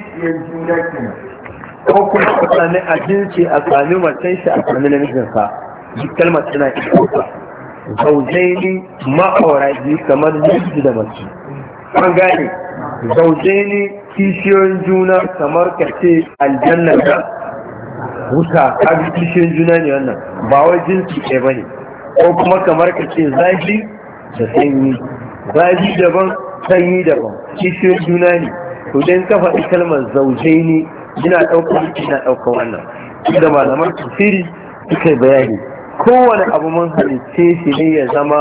kishiyar juna ko kuma a sami a jinsi a sami macen shi a sami namijinsa duk kalmar tana ikota zaujaini ma'aura biyu kamar namiji da mace an gane zaujaini kishiyoyin juna kamar kace ce aljanna da wuta kaga kishiyoyin juna ne wannan ba wai jinsi ɗaya ba ne ko kuma kamar kace zafi da sanyi zafi daban sanyi daban kishiyoyin juna ne to dan ka zauje ne zaujaini ɗauka ɗaukar yana ɗauka wannan da malaman tafsiri suka bayani kowane abu man halitte shi ne ya zama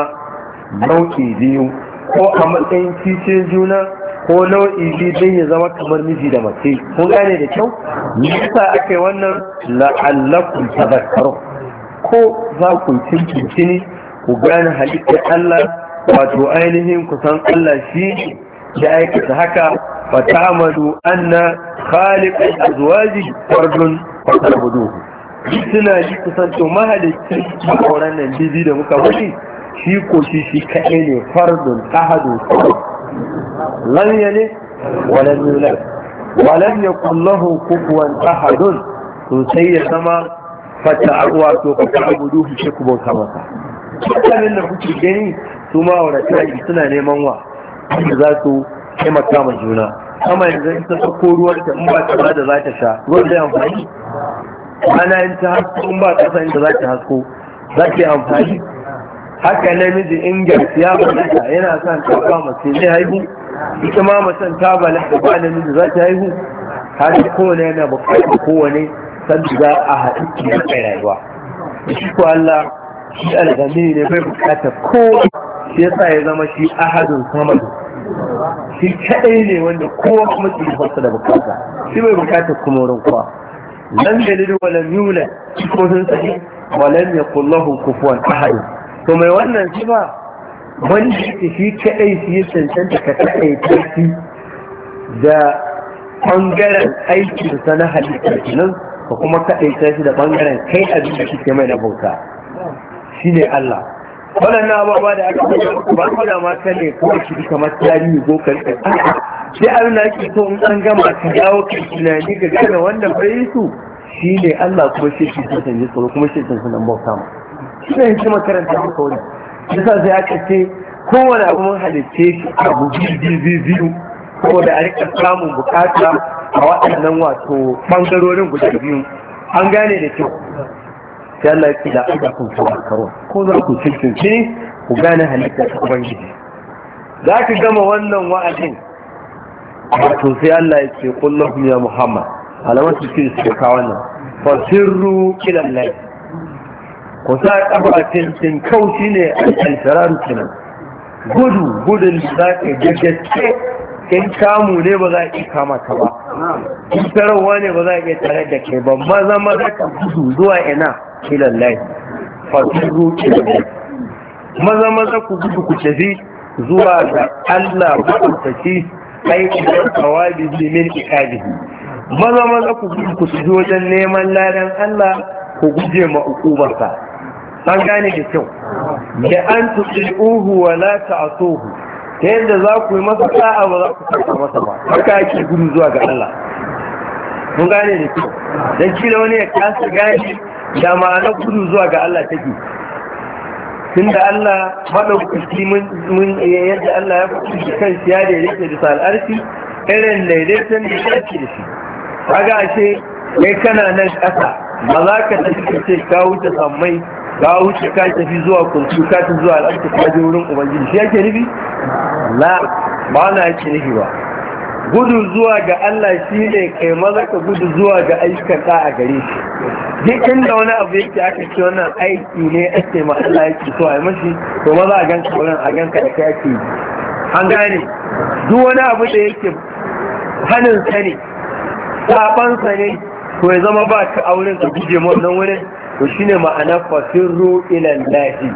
nau'i biyu ko a matsayin kishin juna ko nau'i biyu don ya zama kamar miji da mace kun gane da kyau nisa aka yi wannan la'allakun tazakkaru ko za ku cincin ku gane halittar Allah wato ainihin kusan Allah shi ya aikata haka fa ta'malu anna khaliq azwaji fardun fa ta'buduhu suna ji kusanto mahalicci a ma'auran nan bibi da muka wuce shi ko shi shi kaɗai ne fardun ahadu lan yalid walam yulad walam yakul lahu kufuwan ahadun to sosai ya zama fata wato ka ta'budu shi ku bauta masa. Dukkanin da kuke gani su ma'aurata suna neman wa wanda za su taimaka ma juna kama yanzu in ta sako ruwan ta in ba ta da za ta sha ruwan zai amfani ana yin ta hasko in ba sa inda za ta hasko za ta yi amfani haka namiji in ya balata yana son ta ba mace zai haihu ita ma macen ta balata ba namiji za ta haihu har kowane yana bukatar kowane sanda za a haɗu ki rayuwa shi ko Allah shi alhamdulillah ne bai bukatar kowane shi yasa ya zama shi ahadun samadu shi kadai ne wanda kowa kuma ke fasa da bukata shi bai bukata kuma wurin kowa lam yalid wa lam yulad ko sun sai wa lam yakul lahu kufuwan ahad to mai wannan sifa wanda yake shi kadai shi ya cancanta ka kadai shi da bangaren aikin da sana halitta nan ka kuma kadai shi da bangaren kai abin da kike mai na bauta shine Allah ba ba da aka yi ba da ma ka ne kuma shi kamar tarihi ko karfe sai abin da ake so in an gama ka dawo ka tunani ka gane wanda bai su shi ne Allah kuma shi shi sun sanye tsoro kuma shi sun sunan bauta ma shi ne shi makaranta ta kawai sa sai aka ce kowane abu mun halitta shi abu biyu biyu da a rika samun bukata a waɗannan wato ɓangarorin guda biyu an gane da kyau sai Allah ya ce da aka kun tawakkarun ko za ku cikince ku gane halitta ta ubangiji za ka gama wannan wa'adin wato sai Allah ya ce kullum ya Muhammad alamar su ce su ka wannan fasirru ila Allah ku sa kafa cincin kauci ne a alfirar kinan gudu gudun da za ka gaggace in kamu ne ba za ki kama ka ba in tarawa ne ba za a tare da kai ba ma zama za ka gudu zuwa ina ilallahi fasiru ilallahi maza maza ku gudu ku tafi zuwa ga Allah ku tafi aiki da kawabi min ikabihi maza maza ku gudu ku tafi wajen neman ladan Allah ku guje ma ukubarsa an gane da kyau da an uhu wa la ta'asuhu ta yadda za ku yi masa sa'a ba za ku saka masa ba haka ake gudu zuwa ga Allah mun gane da kyau dan kila wani ya kasa gane da ma'anar kudu zuwa ga Allah take tunda Allah maɗaukaki mun eh, yadda Allah ya fi kan siya da yake da al'arfi irin daidaiton da ya ce da shi kaga ashe kai kana nan ƙasa ba za ka tafi ka ce ka wuce sammai ka wuce ka tafi zuwa kurku ka tafi zuwa al'arfi ka je wurin ubangiji shi yake nufi la ba na yake nufi ba gudu zuwa ga Allah shi ne kai maza ka gudu zuwa ga ayyukan a gare shi duk inda wani abu yake aka ce wannan aiki ne ake ma Allah yake so a yi mashi to maza a ganka wurin a ganka da kai ake yi an gane duk wani abu da yake hannun sa ne saban sa ne to ya zama ba ka auren ka guje mu nan wurin to shine ma'ana fasirru ila lahi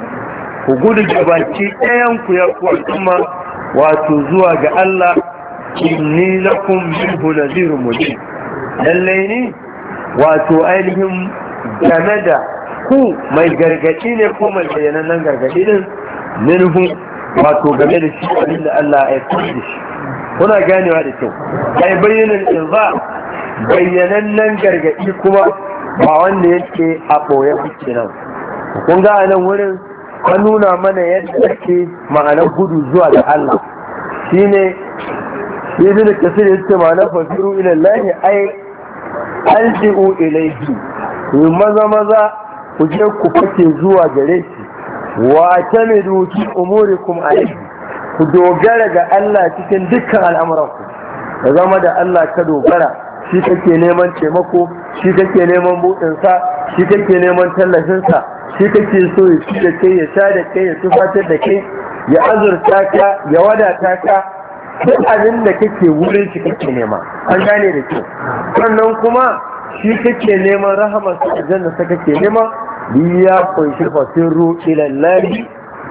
ku gudu gabaci ɗayan ku ya kuwa kuma wato zuwa ga Allah inni lakum minhu nadhirun mubin lalle ne wato ainihin game da ku mai gargadi ne ko mai bayanan gargadi din minhu wato game da shi abin da Allah ya kudi shi kuna ganewa da kyau ai in ba bayyanan nan gargadi kuma ba wanda yake a boye kuke nan kun ga a nan wurin ka nuna mana yadda ake ma'anar gudu zuwa da Allah shine ya ji da kasir ya ce ma'ana fasiru ilallahi ai alji'u ilaihi ku maza maza ku je ku fake zuwa gare shi wa ta mai doki umurikum alaihi ku dogara ga Allah cikin dukkan al'amuranku ya zama da Allah ka dogara shi kake neman taimako shi kake neman buɗinsa shi kake neman tallafinsa shi kake so ya ci da kai ya sha da kai ya tufatar da kai ya azurta ka ya wadata ka duk abin da kake wurin shi kake nema an gane da kyau sannan kuma shi kake neman rahamar sa aljanna ta kake nema ya kunshi fasiru ila lahi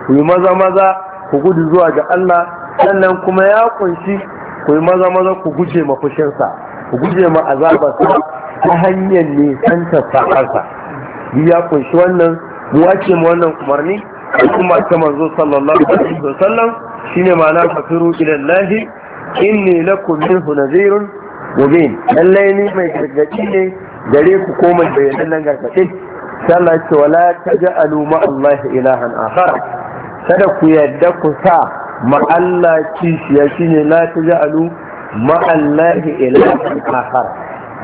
ku yi maza maza ku gudu zuwa ga Allah sannan kuma ya kunshi ku yi maza maza ku guje ma fushinsa ku guje ma azabarsa ta hanyar nisantar sa'arsa ya kunshi wannan mu ake ma wannan umarni kuma ta manzo sallallahu alaihi wasallam shine idan fakiru ilallahi inni lakum minhu nadhirun mubin lallai ni mai gargadi ne gare ku ko mai bayanan nan gargadin sallah ce wala ta taj'alu ma Allah ilahan akhar kada ku yadda ku sa ma Allah kishiya shine la taj'alu ma Allah ilahan akhar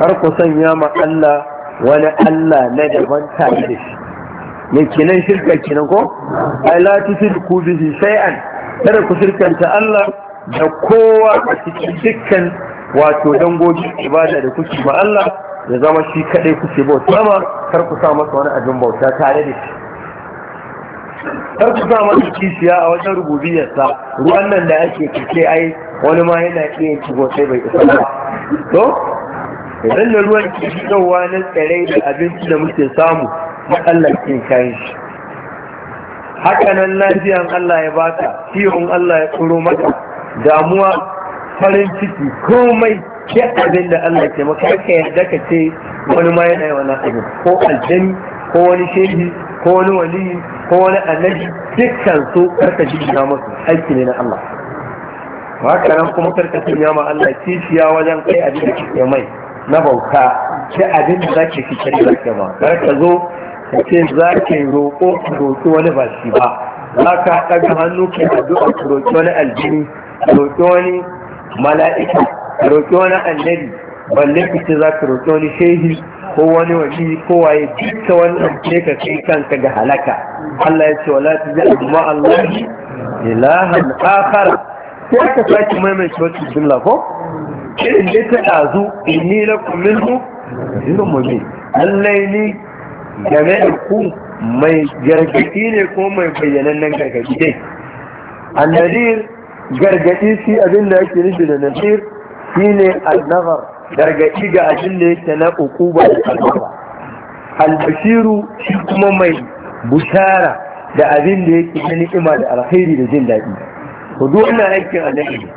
har ku sanya ma Allah wani Allah na daban tare da shi ne kinan shirka kinan ko ai la tusidu bihi shay'an kada ku shirkanta Allah da kowa a cikin dukkan wato goji ibada da kuke ba Allah ya zama shi kadai kuke bauta ba, kar ku sa masa wani abin bauta tare da shi kar ku sa masa kishiya a wajen rububiyarsa ruwan nan da ake kike ai wani ma yana iya shigo sai bai isa ba to idan da ruwan ke shigowa na tsare da abinci da muke samu Allah kin kai shi hakanan lafiyan Allah ya baka ciwon Allah ya tsoro maka damuwa farin ciki komai ke abin da Allah ke maka ka yadda ka ce wani ma yana wani abin ko aljami ko wani shehi ko wani wali ko wani annabi dukkan su karka jina musu aiki ne na Allah haka nan kuma karka ya ma Allah kishiya wajen kai abin da kike mai na bauta sai abin da zake fitar da ke ma kar ka zo ka ce za ka roƙo a roƙi wani ba shi ba za ka ɗaga hannu ka addu'a ka roƙi wani aljini ka roƙi wani mala'ika ka roƙi wani annabi balle ka ce za ka roƙi wani shehi ko wani wani ko waye duka wannan ne ka kai kanka ga halaka Allah ya ce wala tujal ma Allah ilahan akhar ko ka sake maimaita wata jumla ko irin dai ta ɗazu inni lakum minhu irin mu ne lallai ni game da ku mai gargaɗi ne ko mai bayyanannen gargaɗi dai annadir gargaɗi shi abin da ake nufi da nasir shi ne annazar gargaɗi ga abin da yake na da al'umma albashiru shi kuma mai bushara da abin da yake na ni'ima da alkhairi da jin daɗi to duk wannan aikin annabi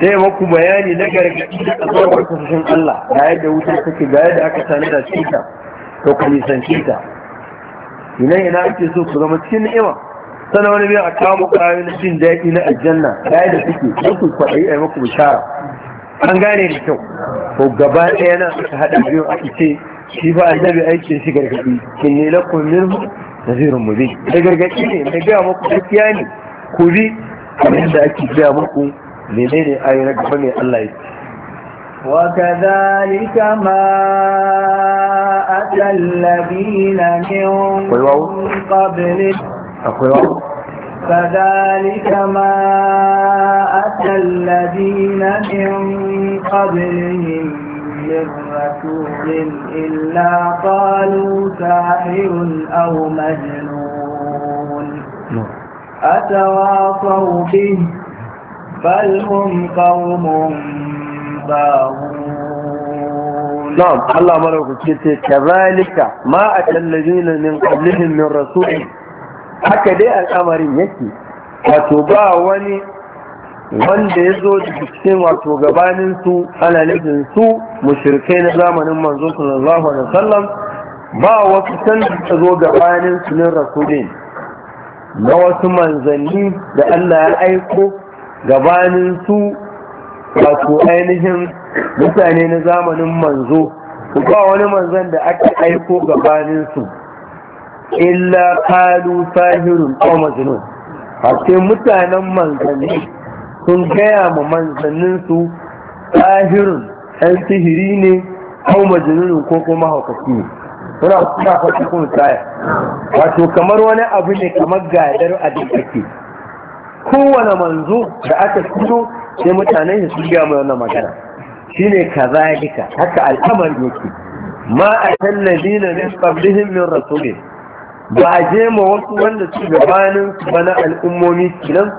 sai maku bayani na gargaɗi da azabar kusurin Allah ga yadda wuta take ga yadda aka tanada cikin ko ka ta ina ina ake so ku zama cikin ni'ima Sana wani biyan a kawo muku na jin daɗi na aljanna ɗaya da suke don ku kwaɗayi a muku bishara an gane da kyau ko gaba ɗaya na suka haɗa biyu a ce shi ba annabi aikin shi gargaɗi kin ne lakum min nazirun mubin da gargaɗi ne da biya muku gaskiya ne ku bi kamar yadda ake biya muku menene ayi na gaba ne Allah ya ce وكذلك ما أتى الذين من قبل كذلك ما أتى الذين من قبلهم من رسول إلا قالوا ساحر أو مجنون نعم. أتواصوا به بل هم قوم يشبهون نعم الله مرحبا كيتي كذلك ما أتى الذين من قبلهم من رسول هكذا الأمر يكي وتباع وني wanda ya zo daga cikin wato gabanin su ana nufin na zamanin manzo sallallahu alaihi wasallam ba wasu san da zo gabanin su ne na wasu manzanni da Allah ya aiko gabanin wato ainihin mutane na zamanin manzo ba wani manzon da aka aiko gabaninsu illa kalu sahirun ko majnun haske mutanen manzanni sun gaya ma su sahirun ɗan sihiri ne ko majnun ko kuma haukaci ne suna suna fashi kun tsaya wato kamar wani abu ne kamar gadar a duk kowane manzo da aka fito sai mutanen su ga mai wannan magana shine kazalika haka al'amar yake ma na ladina min qablihim min rasulin ba je ma wasu wanda su gabanin su bana al'ummomi kinan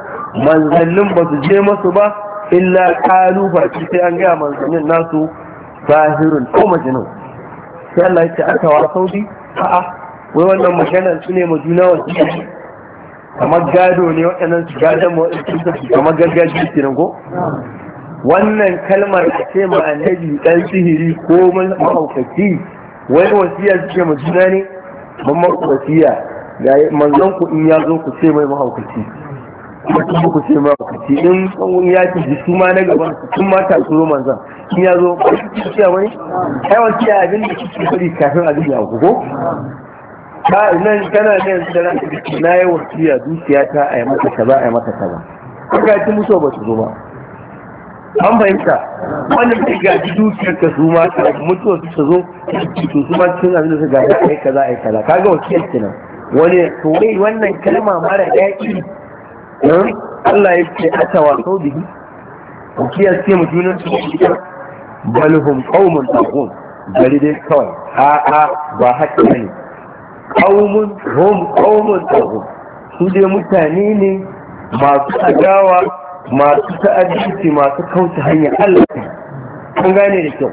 manzannin ba su je masu ba illa kalu ba sai an gaya manzannin nasu zahirun ko majinun sai Allah ya ce aka wa saudi a'a wai wannan magana su ne majuna wasu kamar gado ne waɗannan su gadon waɗansu kamar gargajiya kenan ko wannan kalmar a ce ma annabi ɗan sihiri ko mahaukaci wai wasiya su mu juna ne mamman maku wasiya ga manzon ku in ya zo ku ce mai mahaukaci kuma ku ce mai mahaukaci in kun ya ci su ma na gaban su kun mata ta turo manzon in ya zo ku ce wani ai wasiya abin da kuke kuri kafin abin ya ku ko ka nan kana ne yanzu da ranka biki na yi wasiya dukiya ta a yi mata kaza a yi mata kaza kaga ci musu ba su zo ba an fahimta wanda ke gaji dukiyar ka su ma ta mutuwa su ta zo to su ma cikin abin da su gaji a yi kaza a yi kaza kaga wasiyar kenan wani to wai wannan kalma mara daɗi hmm? Allah ya ce a tawasau bihi wasiyar ce mu junan su balhum qaumun taqun Gari dai kawai a'a ba haka ne qaumun hum qaumun tahum su dai mutane ne masu adawa masu ta'adisi masu kauta hanyar Allah kun gane da kyau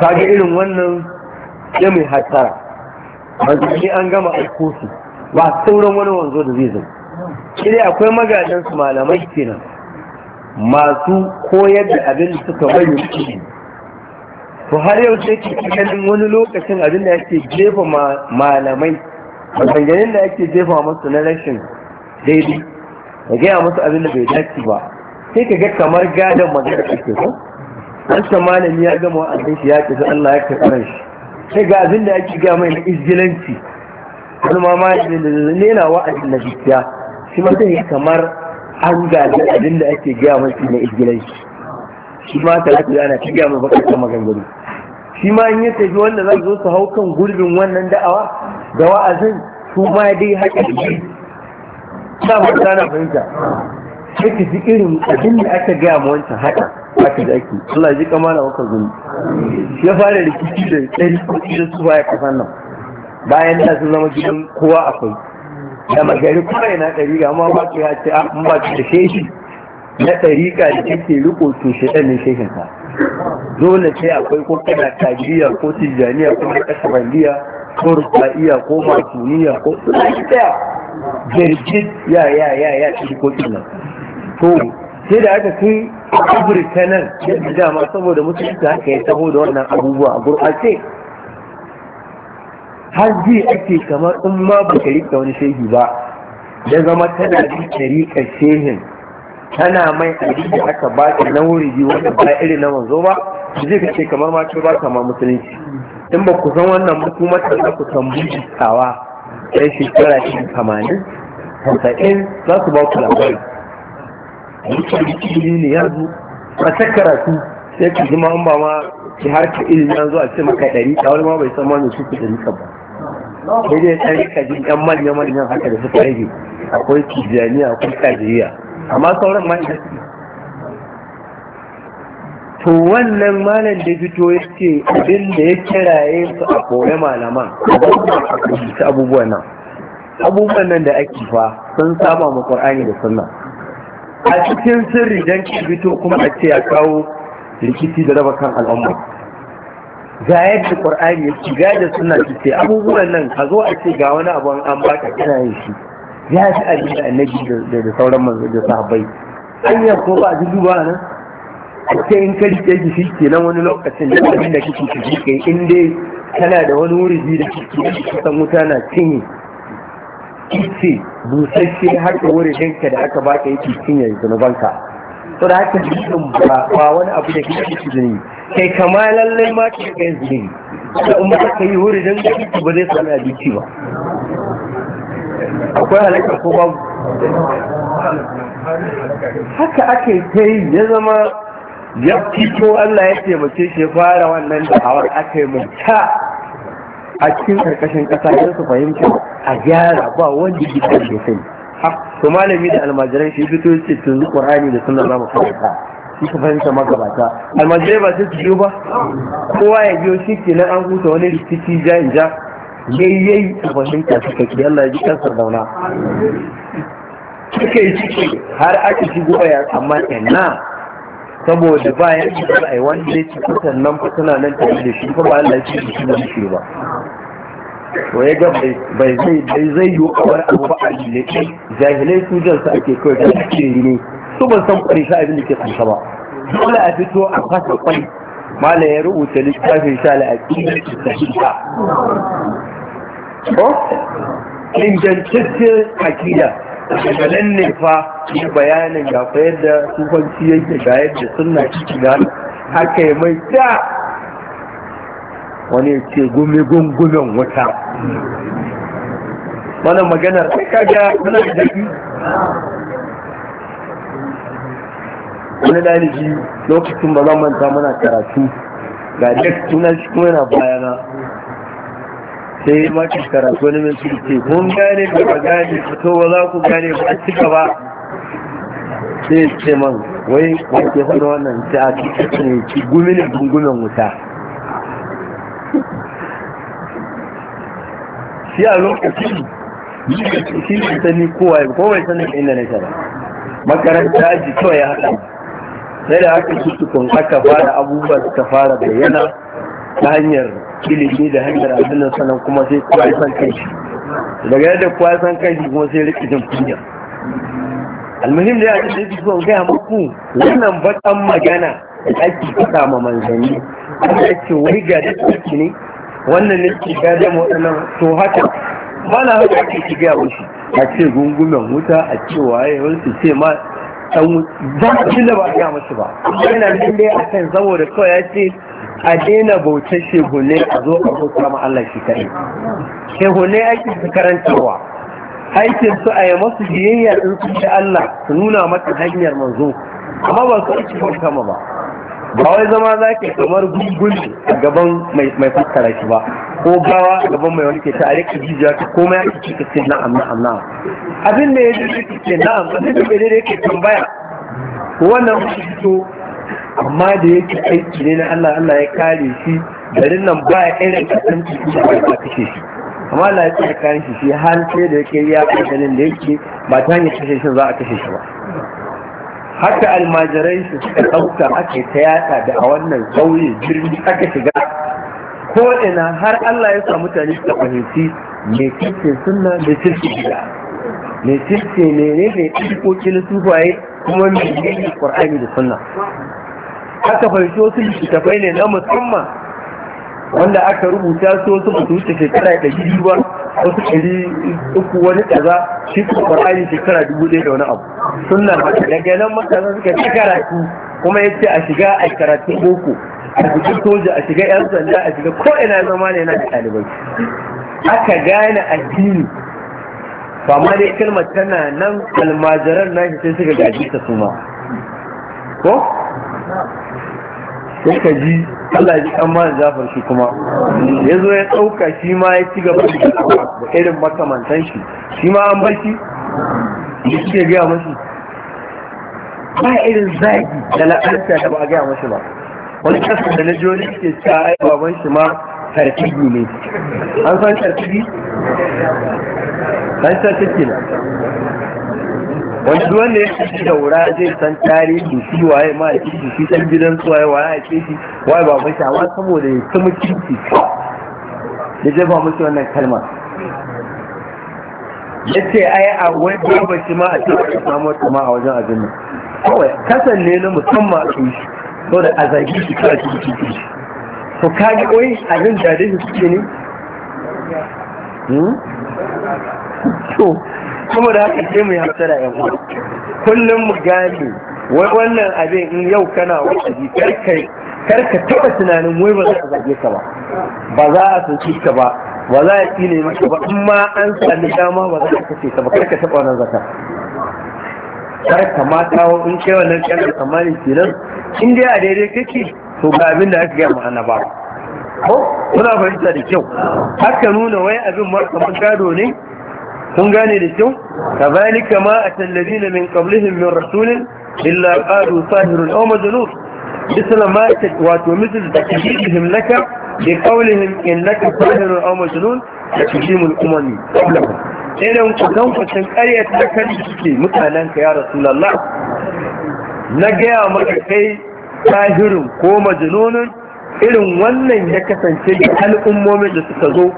kaga irin wannan ya mai hatara manzanni an gama aiko su ba sauran wani wanzo da zai zai shi akwai magadansu malamai kenan masu koyar da abin da suka bari to har yau sai ke ganin wani lokacin abin da yake jefa malamai maganganun da yake jefa masu na rashin daidai da gaya masu abin da bai dace ba sai ka ga kamar gadon magana ake ko an malami ya gama abin shi ya ce sai Allah ya karɓar shi sai ga abin da yake ga mai na izgilanci wani ma malami da nena abin na gaskiya shi ma sai kamar an gaji abin da ake gaya mai na izgilanci shi ma lafi ana tiga mu bakar maganganu shi ma in ya tafi wanda zai zo su hau kan gurbin wannan da'awa da wa'azin su ma dai haka shi sa mu na fahimta sai ka ji irin abin da aka gaya ma wancan haka haka da ake Allah ya ji kamala maka gumi ya fara rikici da tsari ko da su baya kasan nan bayan da sun zama gidan kowa akwai da magari kuma yana ɗari ga amma ba su ya ce a ah, ba ta da shi na ɗariƙa da kake riko to shaidan ne shekinsa dole sai akwai ko kana tajiya ko tijjaniya ko kashabandiya ko rufa'iya ko matuniya ko suna ɗaya jirgin ya ya ya ya ɗarikokin nan to sai da aka kai afirka nan yadda dama saboda musulunci haka ya taho da wannan abubuwa a gurɓace har zai ake kamar in ma ba ka rika wani shehi ba ya zama tana bi ka shehin tana mai aiki da aka ba ta na wuri biyu wanda ba irin na manzo ba zai ka ce kamar ma ce ba ta ma musulunci in ba ku san wannan ba kuma ta za ku san bincikawa sai shekara shi kamanin tasa'in za su ba ku labari rikin rikin ne ya zo a ta karatu sai ku zama an ba ma ki har ka ilimin yanzu a ce maka ɗari a wani ma bai san ma mai ku da ba sai dai ɗan ka ji ɗan manya-manyan haka da suka rage akwai tijjani akwai kajiriya amma sauran ma ina suke to wannan malam da fito ya ce abin da ya kiraye su a kore malaman su abubuwan nan abubuwan nan da ake fa sun saba mu qur'ani da sunna a cikin sirri dan ki fito kuma a ce ya kawo rikici da raba kan al'umma ga yadda qur'ani ya shiga da sunna ce abubuwan nan ka zo a ce ga wani abu an baka kana yin shi ya fi abin da annabi da sauran mazu da sahabbai an yi ko ba a duba nan ce in ka rike gishi nan wani lokacin da abin da kike ki kai in dai kana da wani wuri da kike kusan wuta na cinye kice busasshe har da wurin da aka baka yake cinye zunubanka to da haka jikin ba wani abu da kike ciki zuni kai kama lallai ma kike kai zuni da umma ka yi wurin da kike ba zai sami abinci ba akwai halakar ko babu haka ake ta yi ya zama ya fito Allah ya taimake shi fara wannan da'awar aka yi mai a cikin karkashin kasa ya su fahimta a gyara ba wanda gidan da sai to malami da almajiran shi fito ya ce tun rani da sunna za mu fahimta shi ka fahimta magabata almajirai ba sai su biyo ba kowa ya biyo shi nan an huta wani rikici jayin ja yayyai a fahimta kasu kake Allah ya ji kansa dauna suka yi ciki har aka ci goya amma ina saboda bayan da za a yi wanda ci kusan nan fa suna nan tare da shi kuma Allah ya ci shi da shi ba to ya ga bai zai bai zai yi kawar abu ba a jilai jahilai su jan su ake kawai da ake yi ne su ban san sa abin da ke kansa ba dole a fito a fasa kwai mala ya rubuta littafin sha la'aƙi da ko ingantacce akida daga nan ne fa yi bayanin ga fa yadda sufanci yake ga yadda suna ciki da haka yi mai ta wani ya ce gumi gungunan wuta mana magana sai kaga muna da daɗi wani ɗalibi lokacin ba zamanta manta muna karatu ga duk sunan shi kuma yana bayana sai ya maki karatu wani mai ce kun gane ba ba gane to ba za ku gane ba a cika ba sai ya ce man wai ke faɗa wannan sai a cikin ne ci guminin gungumin wuta shi a lokacin shi ne sani kowa ya kowai sanin inda na shara makaranta aji kawai ya haɗa sai da haka su tukun aka fara abubuwa suka fara bayyana ta hanyar ilimi da hanyar abinan sanan kuma sai kowa san kanshi daga yadda kowa san kanshi kuma sai jin kunya almuhim da ya ce sai zuwa gaya muku wannan bakan magana da ake faɗa ma manzanni an ake wai ga da sarki ne wannan ne ke gada ma waɗannan to haka ba na haka ake shiga wasu a ce gungumen wuta a ce waye wani su ce ma dan zafin da ba ga masu ba yana nan dai a kan saboda kawai ya ce a daina bautar shehunai a zo a bauta Allah shi kaɗai shehunai aikin su karantarwa aikin su a yi masu biyayya in su Allah su nuna maka hanyar manzo amma ba su aiki bauta kama ba ba wai zama za ka kamar gungun a gaban mai fassara shi ba ko gawa a gaban mai wani ta a rika jijiya ta komai ake ci ka ce na'am na'am na'am abin da ya ji ka ce na'am abin da bai daidai ke tambaya wannan ku fito amma da yake aiki ne na Allah Allah ya kare shi garin nan ba ya irin kasan ciki da ba kashe shi amma Allah ya ce kayan shi shi har sai da yake ya ganin da yake ba ta hanyar kashe shi za a kashe shi ba haka almajirai su suka ɗauka aka ta yata da a wannan sauyi birni aka shiga ko ina har Allah ya sa mutane taɓa fahimci mai kirce suna da kirce gida mai kirce ne ne mai kirkoki na sufaye kuma mai ne Qur'ani da suna aka fahimci wasu littattafai ne na musamman wanda aka rubuta su wasu ba su wuce shekara da biyu ba wasu ɗari uku wani kaza shi kuma ƙwarari shekara dubu ɗaya da wani abu Sunan haka daga nan matasa suka ci karatu kuma ya ce a shiga a karatun boko a shiga soja a shiga yan sanda a shiga ko ina zama ne na da ɗalibai aka gane addini ba ma dai kalmar tana nan almajiran nashi sai suka gaji ta suma ko? Sai ka ji Allah ji kan malam zafar shi kuma ya zo ya ɗauka shi ma ya ci gaba da irin makamantan shi shi ma an bar shi da suke gaya mashi ba irin zagi da la'arta da ba a gaya mashi ba wani kasa da na joni ke cewa a baban shi ma tarfigi ne an san tarfigi an san tarfigi wanda duk wanda ya da wura zai san tarihi shi waye ma a cikin shi san gidan su waye waye ya kishi waye ba mashi amma saboda ya ci mutunci da zai ba musu wannan kalmar ya ce ai a wai babu shi ma a cikin samu wata ma a wajen abin nan kawai kasan ne na musamman a shi so da a zagi shi kawai cikin cikin shi to kaji oi abin da dai suke ne hmm? kuma da haka sai mu yi hasara yan uwa kullum mu gani wai wannan abin in yau kana wa'azi karkai karka taba tunanin wai ba za a zage ka ba ba za a sun ka ba ba za a tsine maka ba in ma an sami dama ba za a kace ka ba karka taba wannan zaka karka ma kawo in kai wannan kana tsammani kenan in dai a daidai kake to ga abin da aka gaya ma'ana ba ko kuna fahimta da kyau haka nuna wai abin kamar gado ne kun gane da kyau kazalika ma atallazina min qablihim min rasulin illa qalu sahirun aw majnun wato ƙarya ta kan suke ya rasulallah na gaya maka kai ko majalunin irin wannan ya kasance da al'ummomin da suka zo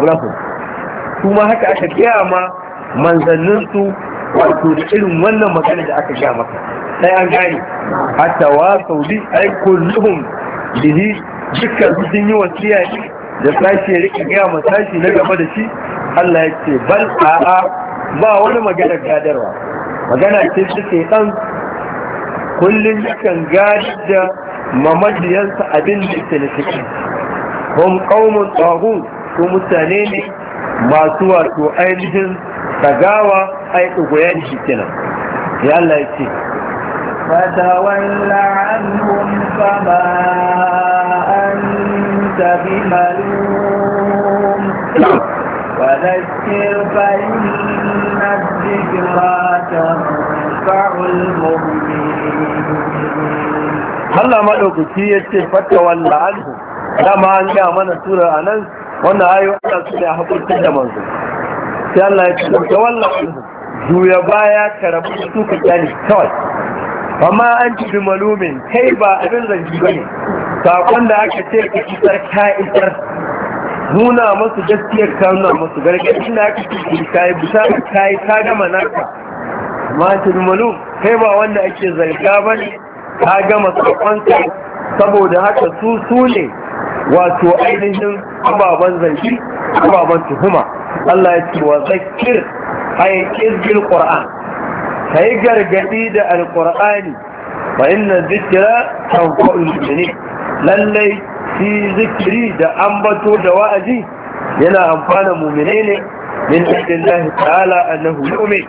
wato su haka aka gaya ma manzanninsu wato da irin wannan magana da aka gaya maka sai an gane hatta wa saudi ai kulluhum bihi dukkan su sun yi wasiya da sashi ya rika gaya ma sashi na gaba da shi Allah ya ce bal a'a ba wani magana gadarwa magana ce ta ke dan kullum yakan gadi da mamajiyarsa abin da ke na shi. hum qaumun tahu ko mutane ne masu wato ainihin tagawa ai da shi kenan ya Allah ya ce fama Allah maɗaukaki ya ce fata walla dama an gaya mana tura a nan wannan ayo Allah su da hakurtar da manzo sai Allah ya ce ta wallahi juya baya ka rabu su ka gani kawai amma an ci bi malumin kai ba abin ji bane sakon da aka ce ka isar ka isar nuna musu gaskiyar ka nuna musu gargaɗi na aka ce ka yi bisa ka yi ka gama naka amma an ci bi malum kai ba wanda ake zarga bane ka gama sakonka saboda haka su sune. wato ainihin ababen zanki ababen tuhuma Allah ya ce wa zakir ay izbil qur'an kai gargadi da alqur'ani fa inna zikra tanfa'ul lallai fi zikri da ambato da wa'azi yana amfana mu'minai ne min Allah ta'ala annahu yu'min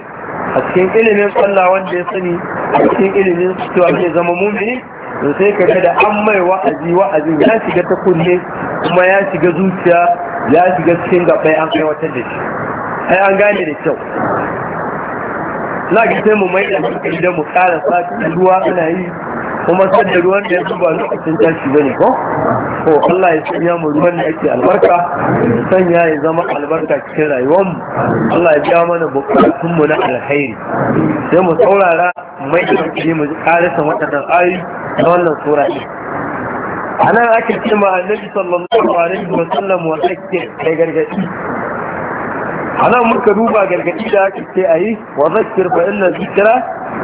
a cikin ilimin Allah wanda ya sani a cikin ilimin cewa zai zama mu'mini to sai ka da an mai wa'azi wa'azi ya shiga ta kunne kuma ya shiga zuciya ya shiga cikin gabai an kai wata da shi ai an gane da kyau na ga sai mu mai da mu ƙara sa ruwa ana yi kuma san ruwan da ya zuba lokacin tashi bane ko ko Allah ya sanya mu ruwan da yake albarka ya sanya ya zama albarka cikin rayuwar Allah ya biya mana bukatun mu na alkhairi sai mu saurara mai da mu karasa waɗannan ayoyi na wannan sura a nan ake cewa annabi sallallahu alaihi wa sallam wa sakke kai gargaɗi a nan muka duba gargaɗi da ake ce a yi wa zakir fa inna zikira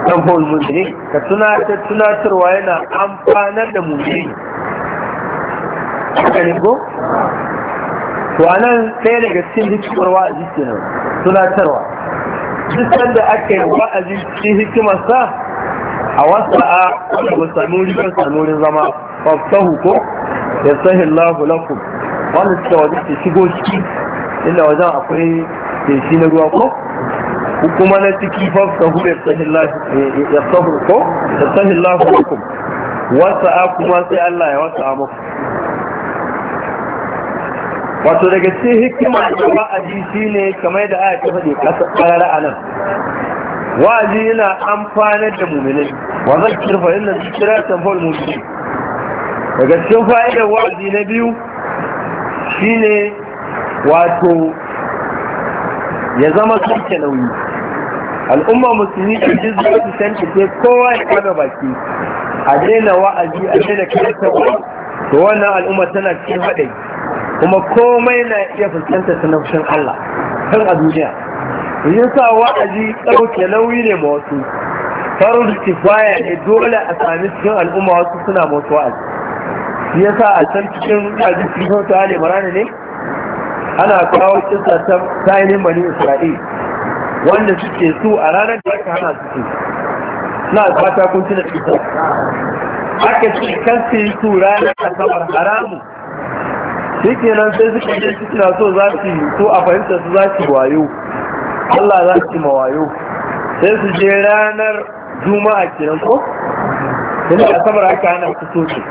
dan faul mu'mini ka tunatar tunatarwa yana amfanar da mu'mini ka ne ko to a nan ɗaya daga cikin hikimar wa'azi kenan tunatarwa duk sanda aka yi wa'azi cikin hikimarsa a wasa a wanda ba samu rikin samurin zama fafsahu ko ya sahi Allahu lakum wanda suka wajen shigo ciki inda wajen akwai feshi na ruwa ko kuma na ciki fafta hu ya tsahir ko ya tsahir lahukum wasa'a kuma sai Allah ya wasa'a muku wato daga cikin hikima da shi shine kamar da aya ta faɗi kasar a nan wa'azi yana amfanar da muminin wa zakir fa inna zikra tanfa'ul mu'minin daga cikin fa'idar wa'azi na biyu shine wato ya zama sauke nauyi al'umma musulmi da jizya su sanke ce kowa ya kwaga baki a daina wa'azi a daina kyautarwa to wannan al'umma tana cikin haɗari kuma komai na iya fuskantar sanafishin Allah kan a duniya yin sa wa'azi ɗauke nauyi ne ma wasu farin baya ne dole a sami cikin al'umma wasu suna masu wasu wa'azi shi yasa a can cikin hadisi ko ta ne marana ne ana kawo kisa ta tsayin bani isra'il wanda suke so a ranar da aka hana su na fata kun tuna kisa aka ce kansu su ranar asabar haramu shi nan sai suka je su suna so za su yi. so a fahimta su za su wayo Allah za su ma wayo sai su je ranar juma'a kenan ko a asabar aka hana su so ce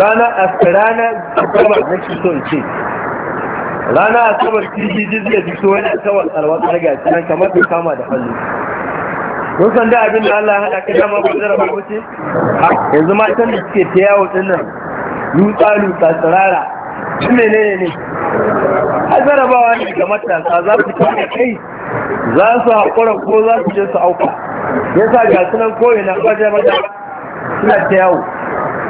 ranar asabar na ce so ce rana a saman kirji jirgin jiki wani a saman tsarwa na nan kamar da kama da hannu Sun san da abin da Allah ya haɗa ka dama ba zara ba wuce yanzu matan da suke ta yawo din nan lutsa lutsa tsirara shi menene ne a zarabawa ne ga matasa za su kama kai za su haƙura ko za su je su auka Ya sa ga sunan koyi na ɓaje maza suna ta yawo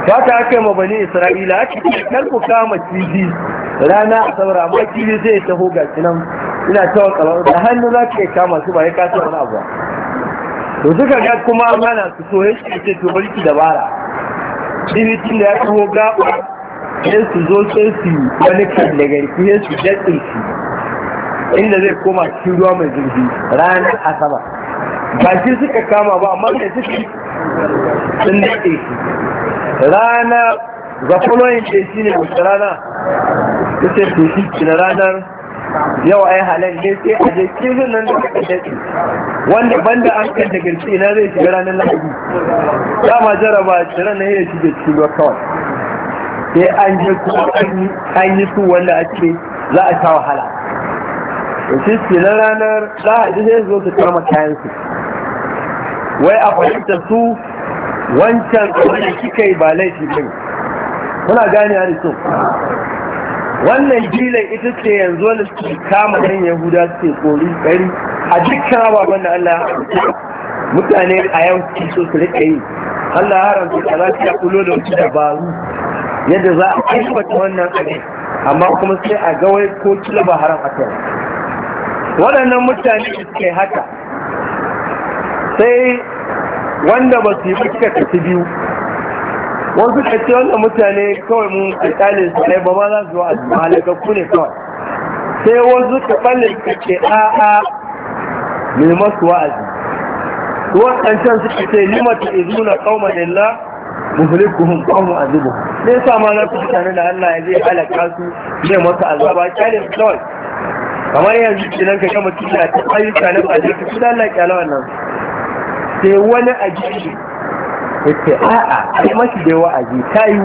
ba ta aka yi mabani isra'ila ake kalku kama cibi rana a saura amma kiri zai taho ga nan ina tawar kalawar da hannu za ka kama su ba ya kasa wani abu to suka ga kuma mana su so ya shi ce to mulki da dabara kiri tun da ya taho gaba ya su zo sai su wani kan da garki ya su jatsin su inda zai koma cikin ruwa mai zurfi ranar asabar ba shi suka kama ba amma sai suka sun daɗe shi rana ga following day shi ne wata rana ta ce to shi na ranar yau ai halal ne sai a je kizin nan da aka dace wanda banda an kan da garci ina zai shiga ranar lahadi dama jaraba shirin na yi da shi da cikin ba kawai sai an je kuma an yi su wanda a ce za a sha wahala da shi ke na ranar lahadi zai zo su karma kayansu wai a fahimta su wancan wanda kika yi ba laifi ne kuna gane a riso wannan jilan ita ce yanzu wani su kama ɗan yahuda suke tsori ɗari. a dukkan ababen da allah mutane a yau su so su rika yi allah haramta ta za su ya kulo da wasu dabaru yadda za a aibata wannan abin amma kuma sai a ga wai ko kila ba haram a kai waɗannan mutane ke haka sai wanda ba su yi biyu wasu kace wannan mutane kawai mun kakale su ne ba ma za su wa'azi malakakku ne kawai sai wasu ka balle ka ce a'a mai masu wa'azi waɗancan suka ce limata izuna qauma lillah muhlikuhum qawmu azibu ne sa ma na ku mutane da Allah ya zai halaka su ne masu azaba kyale kawai kamar yanzu kinan ka kama tuta ta ayyuka na ba da su da Allah kyale wannan sai wani a jiki yace a'a ai mashi dai wa'azi yi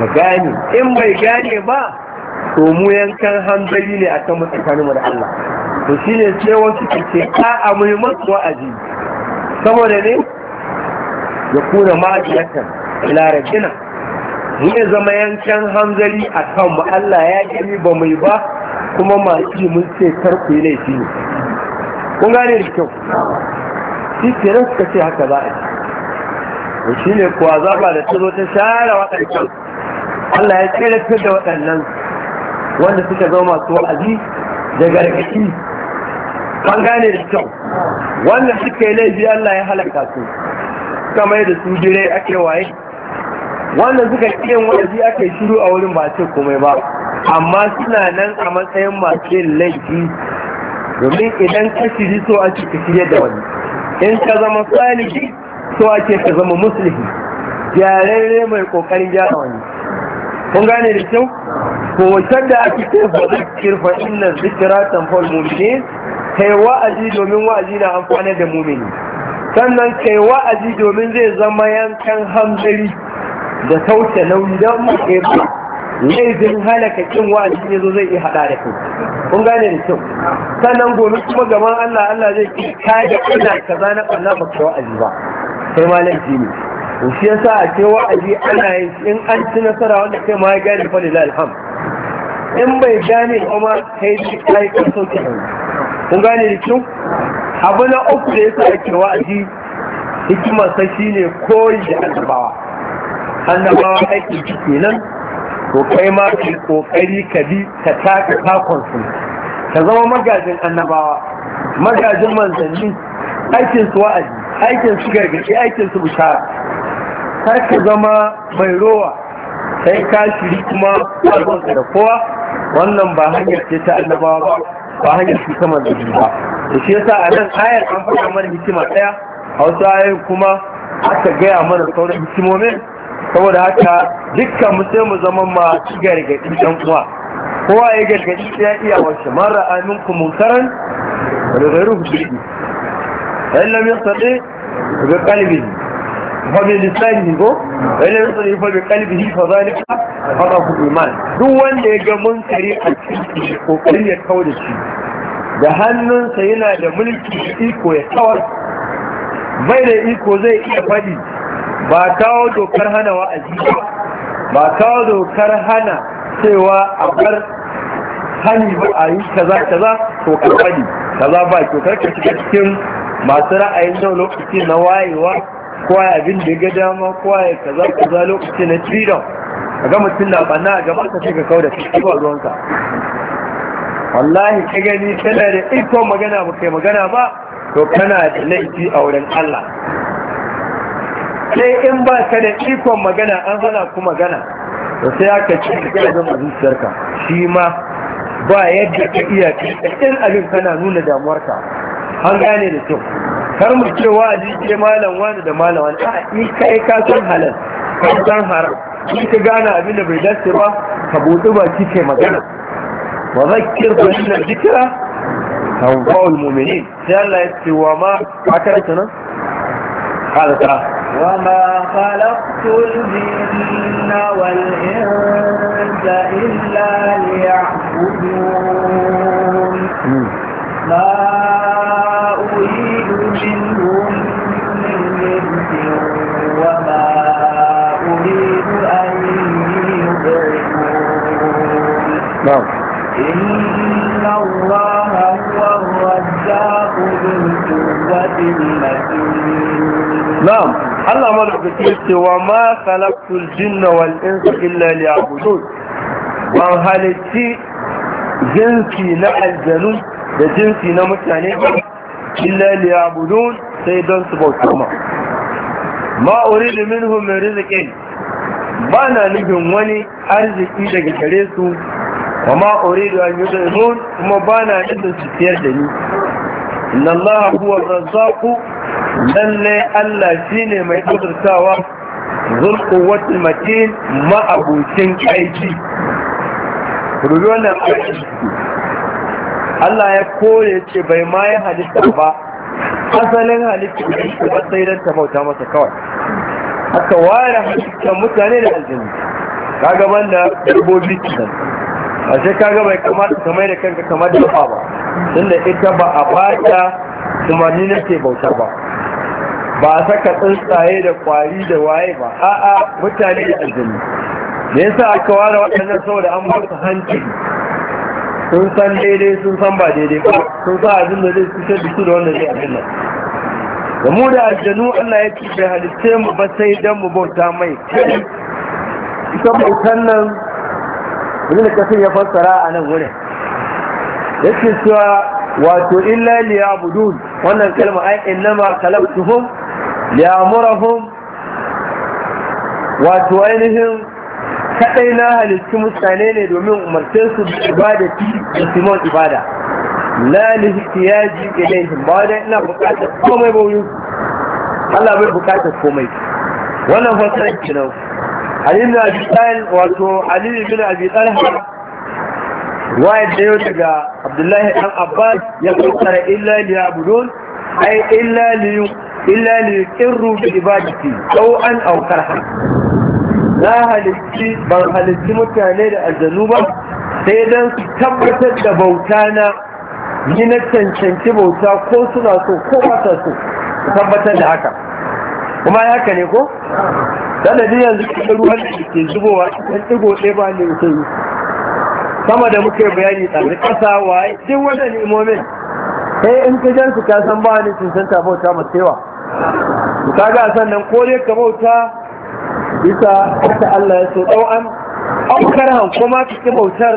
ya gane in bai gane ba to mu yankan hanzari ne a kan tsakanin da Allah to ne sai wasu ke ce a'a muhimman wa'azi saboda ne ya kuna ma'ajiyatan ila rabbina mu ne zama yankan hanzari kan mu Allah ya gani ba mai ba kuma masu mun ce karku laifi ne kun gane da kyau shi nan suka ce haka za a yi shi ne kuwa zaba da ta ta share waɗancan Allah ya tsirrata da waɗannan wanda suka zo masu wa'azi da gargaɗi an gane da kyau wannan suka yi laifi Allah ya halarta su suka mai da su jirai ake waye wannan suka yin wa'azi ake shiru a wurin ba ce komai ba amma suna nan a matsayin masu yin laifi domin idan ka shiri so a ciki shirye da wani in ka zama salihi so ake ka zama musulmi yararre mai kokarin gyara wani kun gane da kyau ko wancan da ake ce ba zikir fa inna zikira tamfal mu'minin kai wa'azi domin wa'azi na amfani da mu'mini sannan kai wa'azi domin zai zama yankan hamdari da sauke nauyi don mace ba laifin halaka kin wa'azi ne zo zai iya hada da kai kun gane da kyau sannan gobe kuma gaban Allah Allah zai ki kaga kuna kaza na Allah ba wa'azi ba Sai ma laifi ne to shi yasa a ce wa'azi ana yin in an ci nasara wanda kai ma ya gani fali lalham alham in bai gane kuma kai shi kai ka sauke kun gane da kyau abu na uku da yasa ake wa'azi hikimar sa ne koyi da annabawa annabawa aiki nan. to kai ma kai kokari ka bi ka taka takonsu. ka zama magajin annabawa magajin manzanni aikin su wa'azi aikin su gargaɗi aikin su bishara kar ka zama mai rowa sai ka shiri kuma kwanwanka da kowa wannan ba hanyar ce ta annabawa ba ba hanyar su ta manzanni ba da shi yasa a nan ayar an faɗa mana hikima tsaya, a wasu ayoyin kuma aka gaya mana sauran hikimomin saboda haka dukkan mu sai mu zama masu gargaɗi dan uwa kowa ya gargaɗi ya iya wace mara aminku ku munkaran da gairu hudu fa illam yastati bi qalbihi fa bi lisanihi ko fa illam yastati fa bi qalbihi fa zalika fadafu iman duk wanda ya ga munkari a cikin ya kawar da shi da hannunsa yana da mulki iko ya kawar bai da iko zai iya faɗi ba kawo dokar hana wa'azi ba ba kawo dokar hana cewa a bar hani ba a yi kaza kaza ko faɗi kaza ba kyautar ka shiga cikin masu ra'ayin nau lokaci na wayewa ko ya abin da ga dama ko ya kaza kaza lokaci na freedom a ga mutum na banna a gaba ka ka kawo da shi a ruwanka wallahi ka gani tana da ikon magana ba kai magana ba to kana da laifi a wurin Allah sai in ba ka da ikon magana an hana ku magana to sai aka ce ka zama zuciyarka shi ma ba yadda ka iya in abin kana nuna damuwarka an gane da kyau kar mu ce wa ke malam wani da malam wani a ni kai ka san halal ka san haram in ka gane abin da bai dace ba ka buɗi baki kai magana wa zakir na inna dhikra tanfa'ul mu'minin sai Allah ya ce wa ma akarta nan halata وما خلقت الجن والإنس إلا ليعبدون منهم وما أريد أن يضعفون إن الله هو الرزاق ذو القوة المتين نعم Allah madaukaki ce wa ma khalaqtul jinna wal insa illa liya'budun ban halitti jinsi na aljanu da jinsi na mutane illa liyabudun sai don su bauta ma ma uridu minhum min rizqin ba na nufin wani arziki daga gare su wa ma uridu an yud'imun kuma ba na nufin su ciyar da ni inna allaha huwa razzaqu lalle Allah shine mai kudurtawa zul quwwatul matin ma abucin kaiji rubi wannan aiki Allah ya kore ce bai ma yi halitta ba asalin halitta da shi ba sai don ta bauta masa kawai aka ware halittar mutane da aljini, kaga da dabbobi kenan a sai kaga bai kamata ka mai da kanka kamar da ba tunda ita ba a bata tumani ke bauta ba ba a saka tsuntsaye da kwari da waye ba a'a mutane da aljini. me yasa aka ware waɗannan saboda an bauta hanci sun san daidai sun san ba daidai ba sun san abin da zai cutar da su da wanda zai abin nan da mu da aljanu Allah ya ce bai halitta mu ba sai dan mu bauta mai ita bautan nan wani da kasan ya fassara a nan wurin ya ce cewa wato illa liyabudun wannan kalma ai innama liya liyamurahum wato ainihin kadai na halittu mutane ne domin umarce su ibada da simon ibada la ji ilaihim ba dai ina bukatar komai ba wurin Allah bai bukatar komai wannan fasara kenan Ali ibn Abi Talib wato Ali ibn Abi Talha wayar da yau daga Abdullahi dan Abbas ya fassara illa liyabudun ay illa liyu illa liyqirru bi ibadati aw an aw karha na halitti ban halitti mutane da aljanu ba sai don su tabbatar da bauta na ni na cancanci bauta ko suna so ko ba sa so tabbatar da haka kuma ya haka ne ko sanadi yanzu kuma ruwan da ke zubowa ɗan ɗigo ɗaya ba ne mutum yi sama da muke bayani tsarin ƙasa wa duk wanda ni'imomin sai in ka jan su ka san ba ne sun santa bauta masu yawa ka ga sannan ko dai ka bauta bisa ta Allah ya so ɗau'an aukar hankoma cikin bautar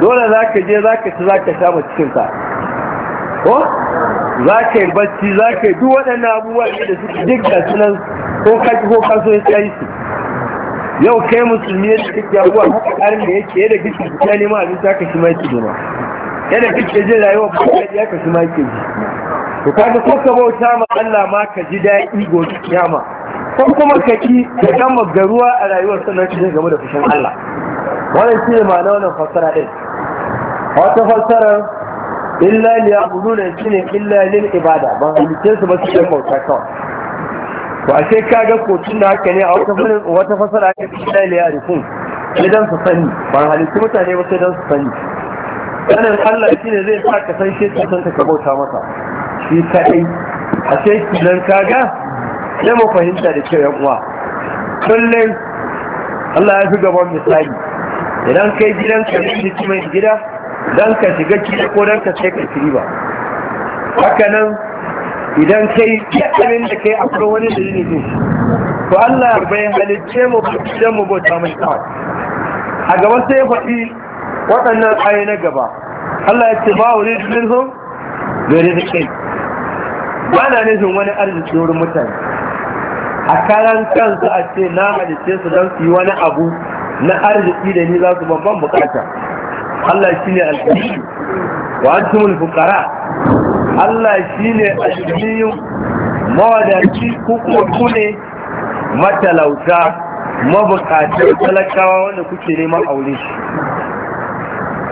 dole za ka je za ka ci za ka sha cikinsa ko za ka yi bacci za ka yi duk waɗannan abubuwa da suke duk da sunan ko kaji ko kaso ya tsayi su yau kai musulmi yadda cikin abuwa haka ƙarin da yake yadda kake fita neman abin za shi maki ci goma yadda kake jin rayuwa ba ka ya ka shi maki ji. to kaga ko ka bauta ma Allah ma ka ji daɗi gobe kiyama ko kuma kaki, ki ka gama ruwa a rayuwar sannan ki game da fushin Allah wannan shi ne ma'ana wannan fassara din wata fassara illa li ya'buduna shi ne illa lil ibada ban halice su ba su yi bauta kawai to ashe ka ga kotun da haka ne a wata wata fassara ta illa li ya'rifun sai dan su sani ban halice mutane ba sai dan su sani sanin Allah shi ne zai sa ka san shi ka san ka bauta masa shi kaɗai. A kadai ashe ka ga? sai mu fahimta da kyau yan uwa kullum Allah ya fi gaban misali idan kai gidan ka ne mai gida dan ka shiga gida ko dan ka sai ka shiri ba haka nan idan kai yakanin da kai akwai wani da dalili ne to Allah bai halicce mu ba mu bauta mai ta a gaban sai ya faɗi waɗannan ayi na gaba Allah ya ce ba wuri da su bai da kai ba na nufin wani arziki wurin mutane a karan kansu a ce na halitce su don su yi wani abu na arziki da ni za su babban bukata Allah shi ne alƙali wa an tumul fukara Allah shi ne alƙaliyin mawadaci kuku ku ne matalauta mabukatar talakawa wanda kuke neman aure shi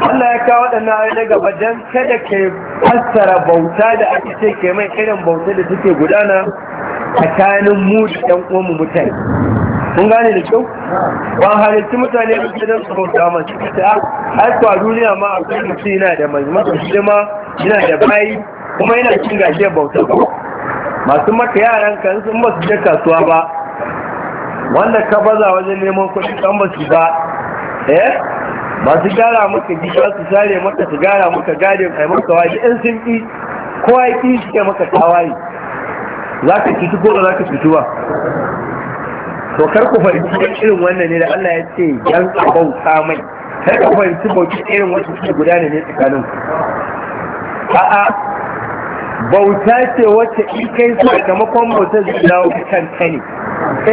Allah ya kawo waɗannan aure na gaba don kada ka fassara bauta da ake ce ke mai irin bauta da suke gudana tsakanin mu da ɗan uwanmu mutane kun gane da kyau ba halittu mutane da ke don su bauta masu fita ah, har kwa duniya ma a kan mutu yana da mazmata shi ma yana da bayi kuma yana cin gashe bauta ba masu maka yaran kan sun ba su je kasuwa ba wanda ka baza wajen neman kuɗi kan ba su ba eh masu gyara maka gida su share maka su gyara maka gadin kai maka waje in sun ƙi kowa ya ƙi shi maka tawaye za ka cutu ko za ka cutu ba to kar ku fahimci irin wannan ne da Allah ya ce yan abau samai kar ku fahimci bauki irin wata ce guda ne tsakanin a'a bauta ce wacce in kai kamakon bauta zai dawo ga kanka ne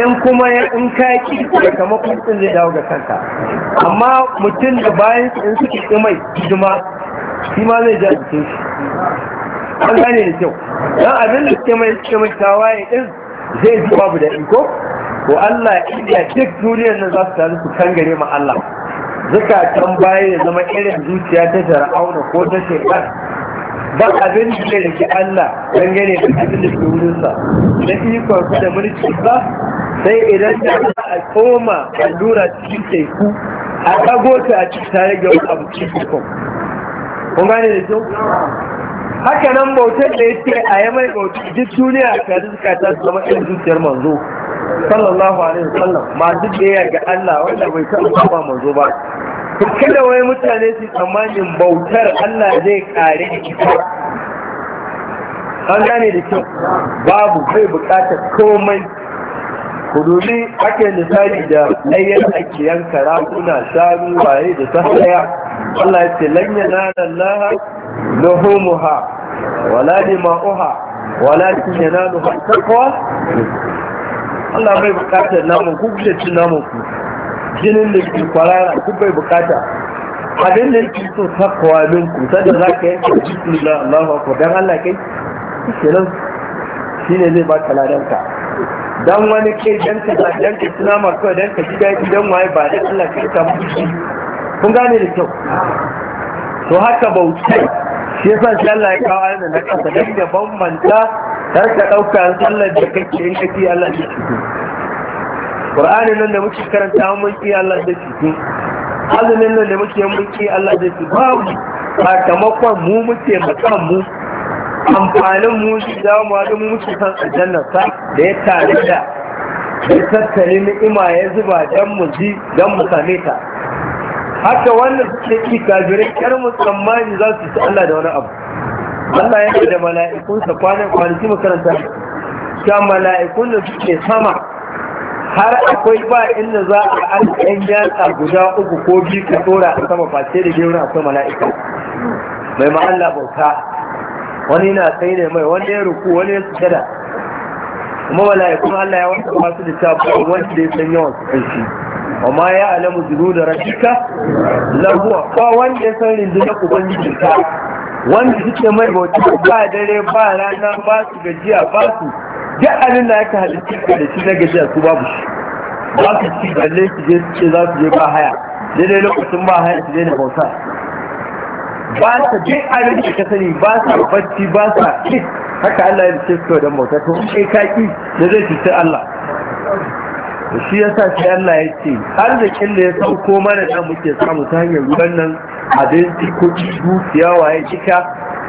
in kuma ya in kaki ki kamakon sun zai dawo ga kanka amma mutum da bayan in suke kimai jima shi ma zai ja jikin shi an gane da kyau don abin da suke mai suke mai tawaye din zai ji babu da iko ko Allah ya duk duniyar nan za su taru su kangare ma Allah zukatan baya ya zama irin zuciya ta zara'auna ko ta shekar ba abin da ya rike Allah dangane da abin da ke wurinsa na ikon da mulki ba sai idan da za a koma allura cikin teku a ɗago ta a cikin tare ga wani abu cikin kun gane da kyau haka nan bautar da ya ce a yi mai bautar duk duniya ka zuka ta zama irin zuciyar manzo sallallahu alaihi wasallam masu biyayya ga Allah wanda bai taɓa kama manzo ba to kada wai mutane su tsammanin bautar Allah zai kare ita an gane da kyau babu bai bukatar komai ku dubi ake misali da layyar ake yanka rakuna shanu waye da sahaya Allah ya ce lanyana yanala Allah لحومها ولا دماؤها ولكن ينالها التقوى Allah bai bukatar namun ku kuke cin namun ku jinin da ke kwarara ku bai bukata abin da so takwa min ku sadda za ka yanke jikin na Allahu dan Allah kai kenan shine ba ka dan wani kai dan ka dan ma kawai dan ka ji daɗi dan waye ba kai ka mutu kun da kyau to haka bautai shi san shi Allah ya kawo ayyana na kasa don ya bambanta har ka ɗauka sallar da kake in kafi Allah ya ciki Qur'ani nan da muke karanta mun ki Allah ya ciki azumin nan da muke mun ki Allah ya ciki babu kamakon mu muke makan mu amfanin mu shi da mu da mu muke san aljanna sa da ya tare da ya tattare ni'ima ya zuba dan mu ji dan mu same ta haka wannan suke ki kafirai kar mu tsammani za su ci Allah da wani abu Allah yake da mala'ikunsa kwanan kwanaki makaranta ta mala'ikun da suke sama har akwai ba inda za a an yan yatsa guda uku ko biyu ka tsora a sama face da gerin akwai mala'ika mai ma'alla bauta wani na tsaye mai wani ya ruku wani ya sujada kuma mala'ikun Allah ya wata masu da tafiya wanda ya san yawan su kai shi amma ya alamu zuru da rafika lahuwa ko wanda ya san rundunar ubangiji ta wanda suke mai bauta ba dare ba rana ba su gajiya ba su duk abin da aka halitta ka da shi na gajiya su babu shi ba su ci balle su je su ce za su je ba haya daidai lokacin ba haya su daina bauta ba su duk abin da ka sani ba su bacci ba su haka Allah ya ce so dan bauta to kai kaki da zai cuci Allah shi yasa sai Allah ya ce Har da ya sauko mana da muke samu ta hanyar ruwan nan abinci kuɗi ya waye kika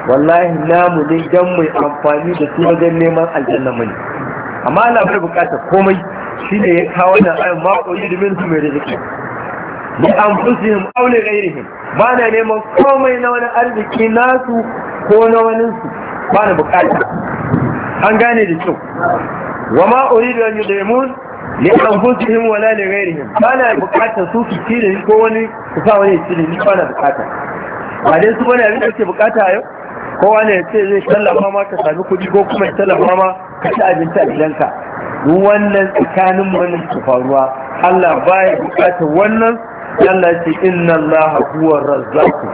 wallahi namu ne dan mai amfani da su wajen neman aljanna mani amma Allah bai bukata komai Shi ne ya kawo da ayan ma ko dimin su mai riziki li anfusihim aw li ghayrihim ba na neman komai na wani arziki nasu ko na wani su ba na an gane da kyau wa ma uridu an yudaimun li anfusihim wala li ghairihim ba na bukata su su ci da ni ko wani su sa wani ci da ni ba na bukata ba dai su bane abin da ke bukata yau kowa ne ya ce zai tallafa ma ka sami kuɗi ko kuma ya tallafa ma ka ci abinci a gidanka wannan tsakanin manin su faruwa Allah baya bukatar wannan Allah ce inna Allah huwa razzaqu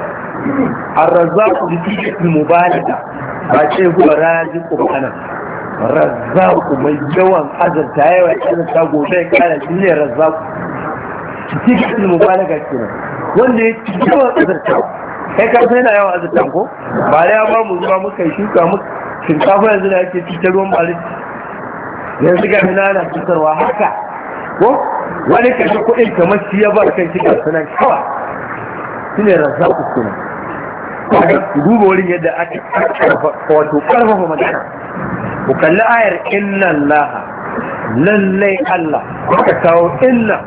ar-razzaqu bi tijati mubalaga ba ce kuma raziqu anan razzaqu mai yawan azanta yawa azanta gobe kana shine razzaqu cikin mubalaga kenan wanda ya ci yawan azanta kai ka sai na yawan azanta ko ba da ba mu zuwa muka yi shuka muka shinkafa yanzu da ake cikin ruwan balin yanzu ga hina na cikarwa haka ko wani kashe kuɗin kamar shi ya ba kai shi ga sunan kawai shi ne razzaku sunan ku duba wurin yadda ake wato karfafa magana ku kalli ayar inna Allah lallai Allah ka kawo inna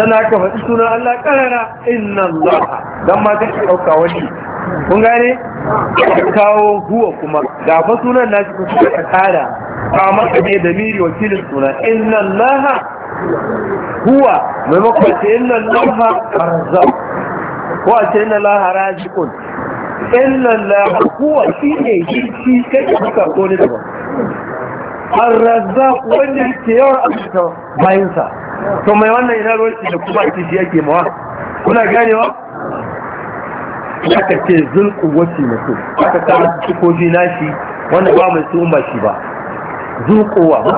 tana ka faɗi sunan Allah karara inna Allah dan ma kake ɗauka wani kun gane ka kawo huwa kuma ga fa sunan nasu ku suka ƙara, ba maka ne da miri wakilin sunan inna Allah huwa maimakon inna Allah barzakh wace ina ce na lahara jikun illan kuwa shi ne shi kai da suka kone an raza wanda ke yawar abinta bayansa to mai wannan ina ruwan shi da kuma ake shi yake mawa kuna ganewa aka ce zulku wasi mutum aka kama su ko na shi wanda ba mai sun ba shi ba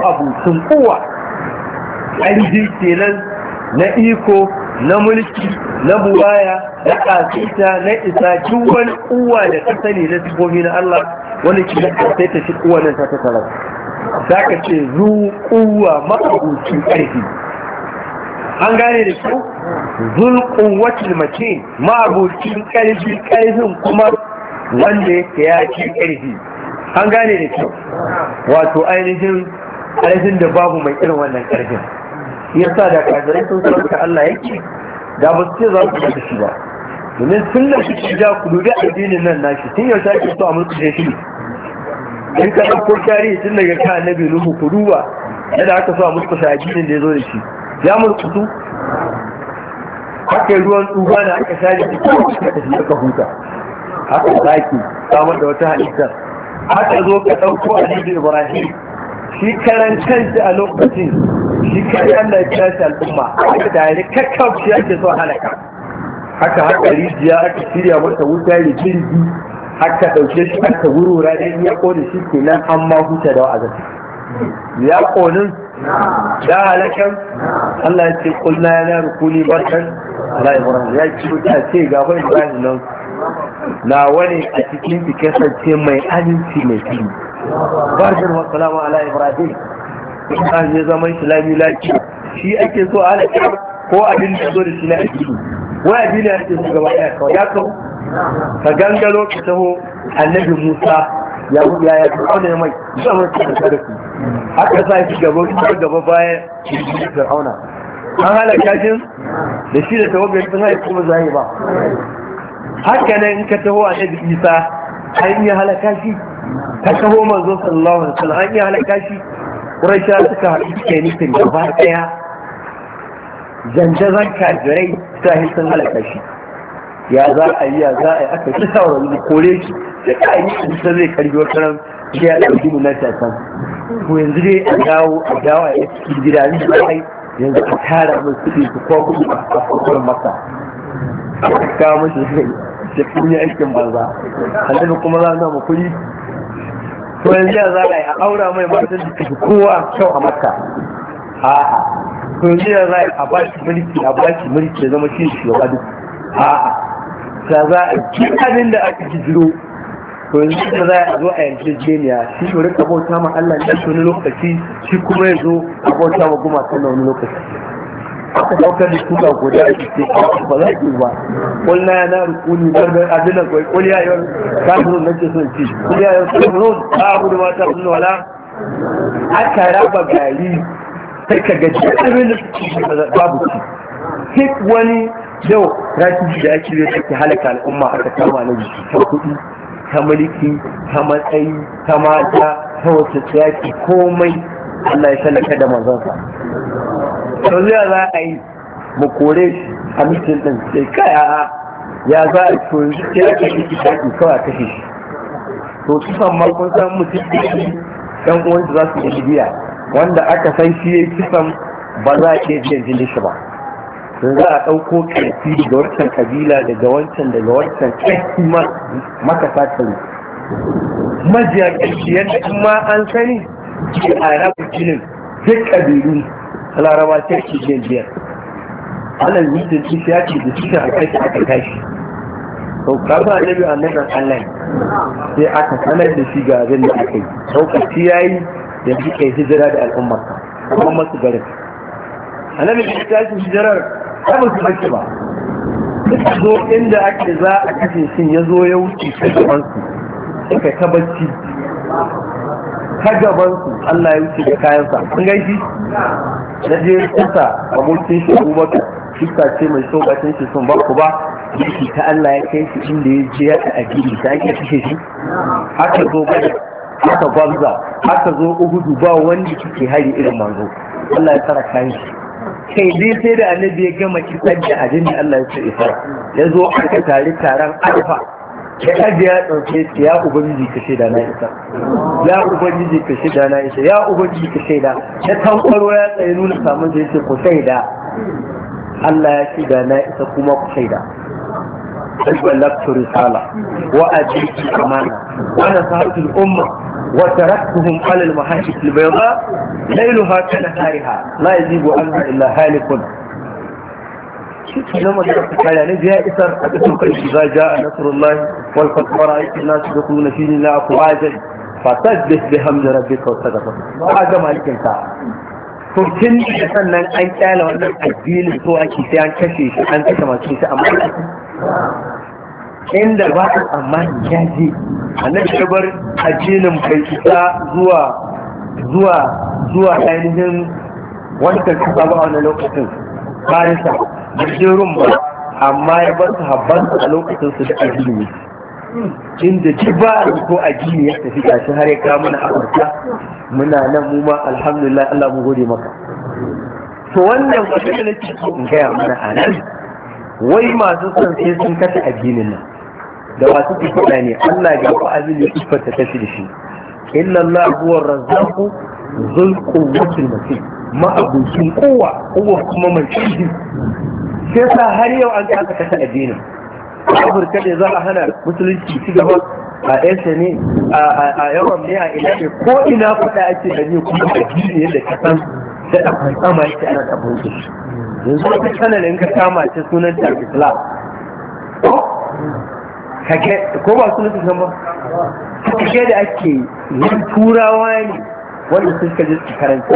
abu sun kowa ƙarfi kenan na iko na mulki na buwaya na kasita na isa duk uwa da ta sani na sifofi na Allah wani ki sai ta shi kuwa nan ta ta za ka ce zu uwa ma'abuci an gane da su zul kuwacin mace ma'abucin karfi, ƙarfin kuma wanda yake ya ci karfi, an gane da kyau wato ainihin ƙarfin da babu mai irin wannan karfin. shi yasa da kafirai sun sarauta Allah yake da ba su ce za su da shi ba domin sun da shi ja ku dubi addinin nan nashi tun yaushe ake so a mulki shi in ka ko tarihi tun daga kan annabi nuhu ku duba yadda aka so a mulki addinin da ya zo da shi ya mulki su haka ruwan tsufa da aka shari da kuma tafi aka huta haka zaki samar da wata halitta haka zo ka ɗauko a ibrahim shi karan kanshi a lokacin shi kai Allah ya tashi al'umma aka dare shi ake so halaka haka haka rijiya aka shirya mata wuta ya jirgi haka ɗauke shi aka wurura ɗin ya kone shi nan an ma huta da wa'azin ya konin da halakan Allah ya ce kulna ya rukuni barkan Allah ya ya ci wuta ce gaba bayan nan na wani a cikin fi kasance mai aminci mai fili barkin wasalamu ala ibrahim in ya zama islami lafiya shi ake so ala kira ko abin da zo da shi na addini wai addini ake so gaba ɗaya kawai ya kawo ka gangaro ka taho annabi musa ya hudu ya yafi auna mai zama cikin sarki aka sa shi gaba gaba bayan shi auna an halaka shi da shi da tawagar sun haifi kuma zai ba haka nan in ka taho annabi isa an yi halaka shi ta kawo manzo sallallahu alaihi wasallam an yi halaka shi quraisha suka haɗu suke nufin gaba ɗaya zanzazan kafirai sahi sun halaka shi ya za a yi ya za a yi aka ci sa wani kore shi da ka yi isa zai karbi wata ran shi ya ɗauki mu na ko yanzu dai a dawo a dawo a yi cikin gida ni da ai yanzu a tara mun kuɗi su ko kuɗi a kwakwar masa kawo mashi zai da kun yi aikin banza annabi kuma za na mu kuɗi to yanzu ya za a yi a aura mai matan da su kowa kyau a makka a to yanzu ya za a yi a baki mulki a baki mulki ya zama shi shi shugaba duk a ta za a yi abin da aka ji jiro to yanzu da za a zo a yanzu jeniya shi shi rika bauta ma Allah ne shi wani lokaci shi kuma ya zo a bauta ma gumaka na wani lokaci aka daukar da tuka guda a cikin ba za ki ba kulna ya na rukuni barbar adinan kwai kuliya yau kafirun nake son ci kuliya yau kafirun ba abu da mata sun wala aka raba gari sai ka gaji abin da suke babu ci duk wani yau rafi da ake zai ke halaka al'umma aka kama na jiki ta kuɗi ta mulki ta matsayi ta mata ta wata tsaki komai Allah ya sallaka da manzansa Yanzu ya za a yi mu kore shi a mutum ɗin sai kaya ya za a to ya ke yi shaƙi kawai a kashe shi to kisan ma kun san mutum ɗan dan uwansa za su yi biya wanda aka san shi ci san ba za a iya biyan jini shi ba sun za a ɗauko ƙarfi daga wancan kabila daga wancan daga wancan ƙarfi makasa kare majiya ƙarfi yadda kuma an sani ke a rabu jinin duk ƙabilu larawa ta ce biyar biyar wannan mijin ita ya ce da cikin a kai aka tashi to kaga annabi annabin Allah sai aka sanar da shi ga abin da aka yi lokaci yayi da shi kai hijira da al'ummar kuma masu garin annabi shi ta ce hijirar ba ba su bace ba duk zo inda ake za a kashe shi ya zo ya wuce ta gaban su suka ta bacci ta su Allah ya wuce da kayansa an shi na je kusa a mulkin shi abubakar kusa ce mai tsokacin shi sun ba ku ba yake ta Allah ya kai shi inda ya je ya a gidi ta ake kashe shi haka zo ba haka gwamza haka zo uhudu ba wanda kike hari irin manzo Allah ya tsara kayan shi kai dai sai da annabi ya gama kisan da abin da Allah ya sa isa ya zo aka tare taron alfa ya kaji ya ɗauke ta ya ubangiji ka shaida na isa ya ubangiji ka shaida na isa ya ubangiji ka shaida ya tankwaro ya tsaye nuna samun da yake ku shaida Allah ya shaida na isa kuma ku shaida بلغت Umma وأديت أمانة ونصحت الأمة وتركتهم على المحاجة البيضاء ليلها كنهارها لا يزيد عنها إلا هالك shi ke magana ta kaya ne zai isar a ƙasar kai shi za ja a nasarullahi wal fatwara aikin nasu da kuma fi na akwajen fasad da bi hamdu rabbi kausa gaba ba a gama aikin ta. to tun da sannan an kyala wannan addinin so ake sai an kashe shi an kashe masu shi amma inda ba a tsammani ya je a nan bar addinin bai isa zuwa zuwa zuwa ainihin wancan kasa ba a wani lokacin farisa jirgin ba amma ya bar su habban a lokacin su da addini inda ji ba ko addini ya tafi ga shi har ya kawo mana afirka muna nan mu ma alhamdulillah Allah mu gode maka to wannan wata da nake so in gaya mana a nan wai masu son sai sun kasa addinin nan da masu kuɗa ne Allah ga ku azumi kuffar ta tafi da shi illa Allah huwa razzaqu dhul quwwatil matin ma'abucin kowa kowa kuma mai ƙarfi sai sa har yau an kasa kasa addinin afirka ne za a hana musulunci ci gaba a yansa ne a yawan ne a ina ne ko ina faɗa ake da ne kuma addini yadda ka san da ɗan kama yake ana da abin yanzu wata sanalin ka kama ce sunan ta islam ko ba sunan ta ba kake da ake yin turawa ne wanda suka je su karanta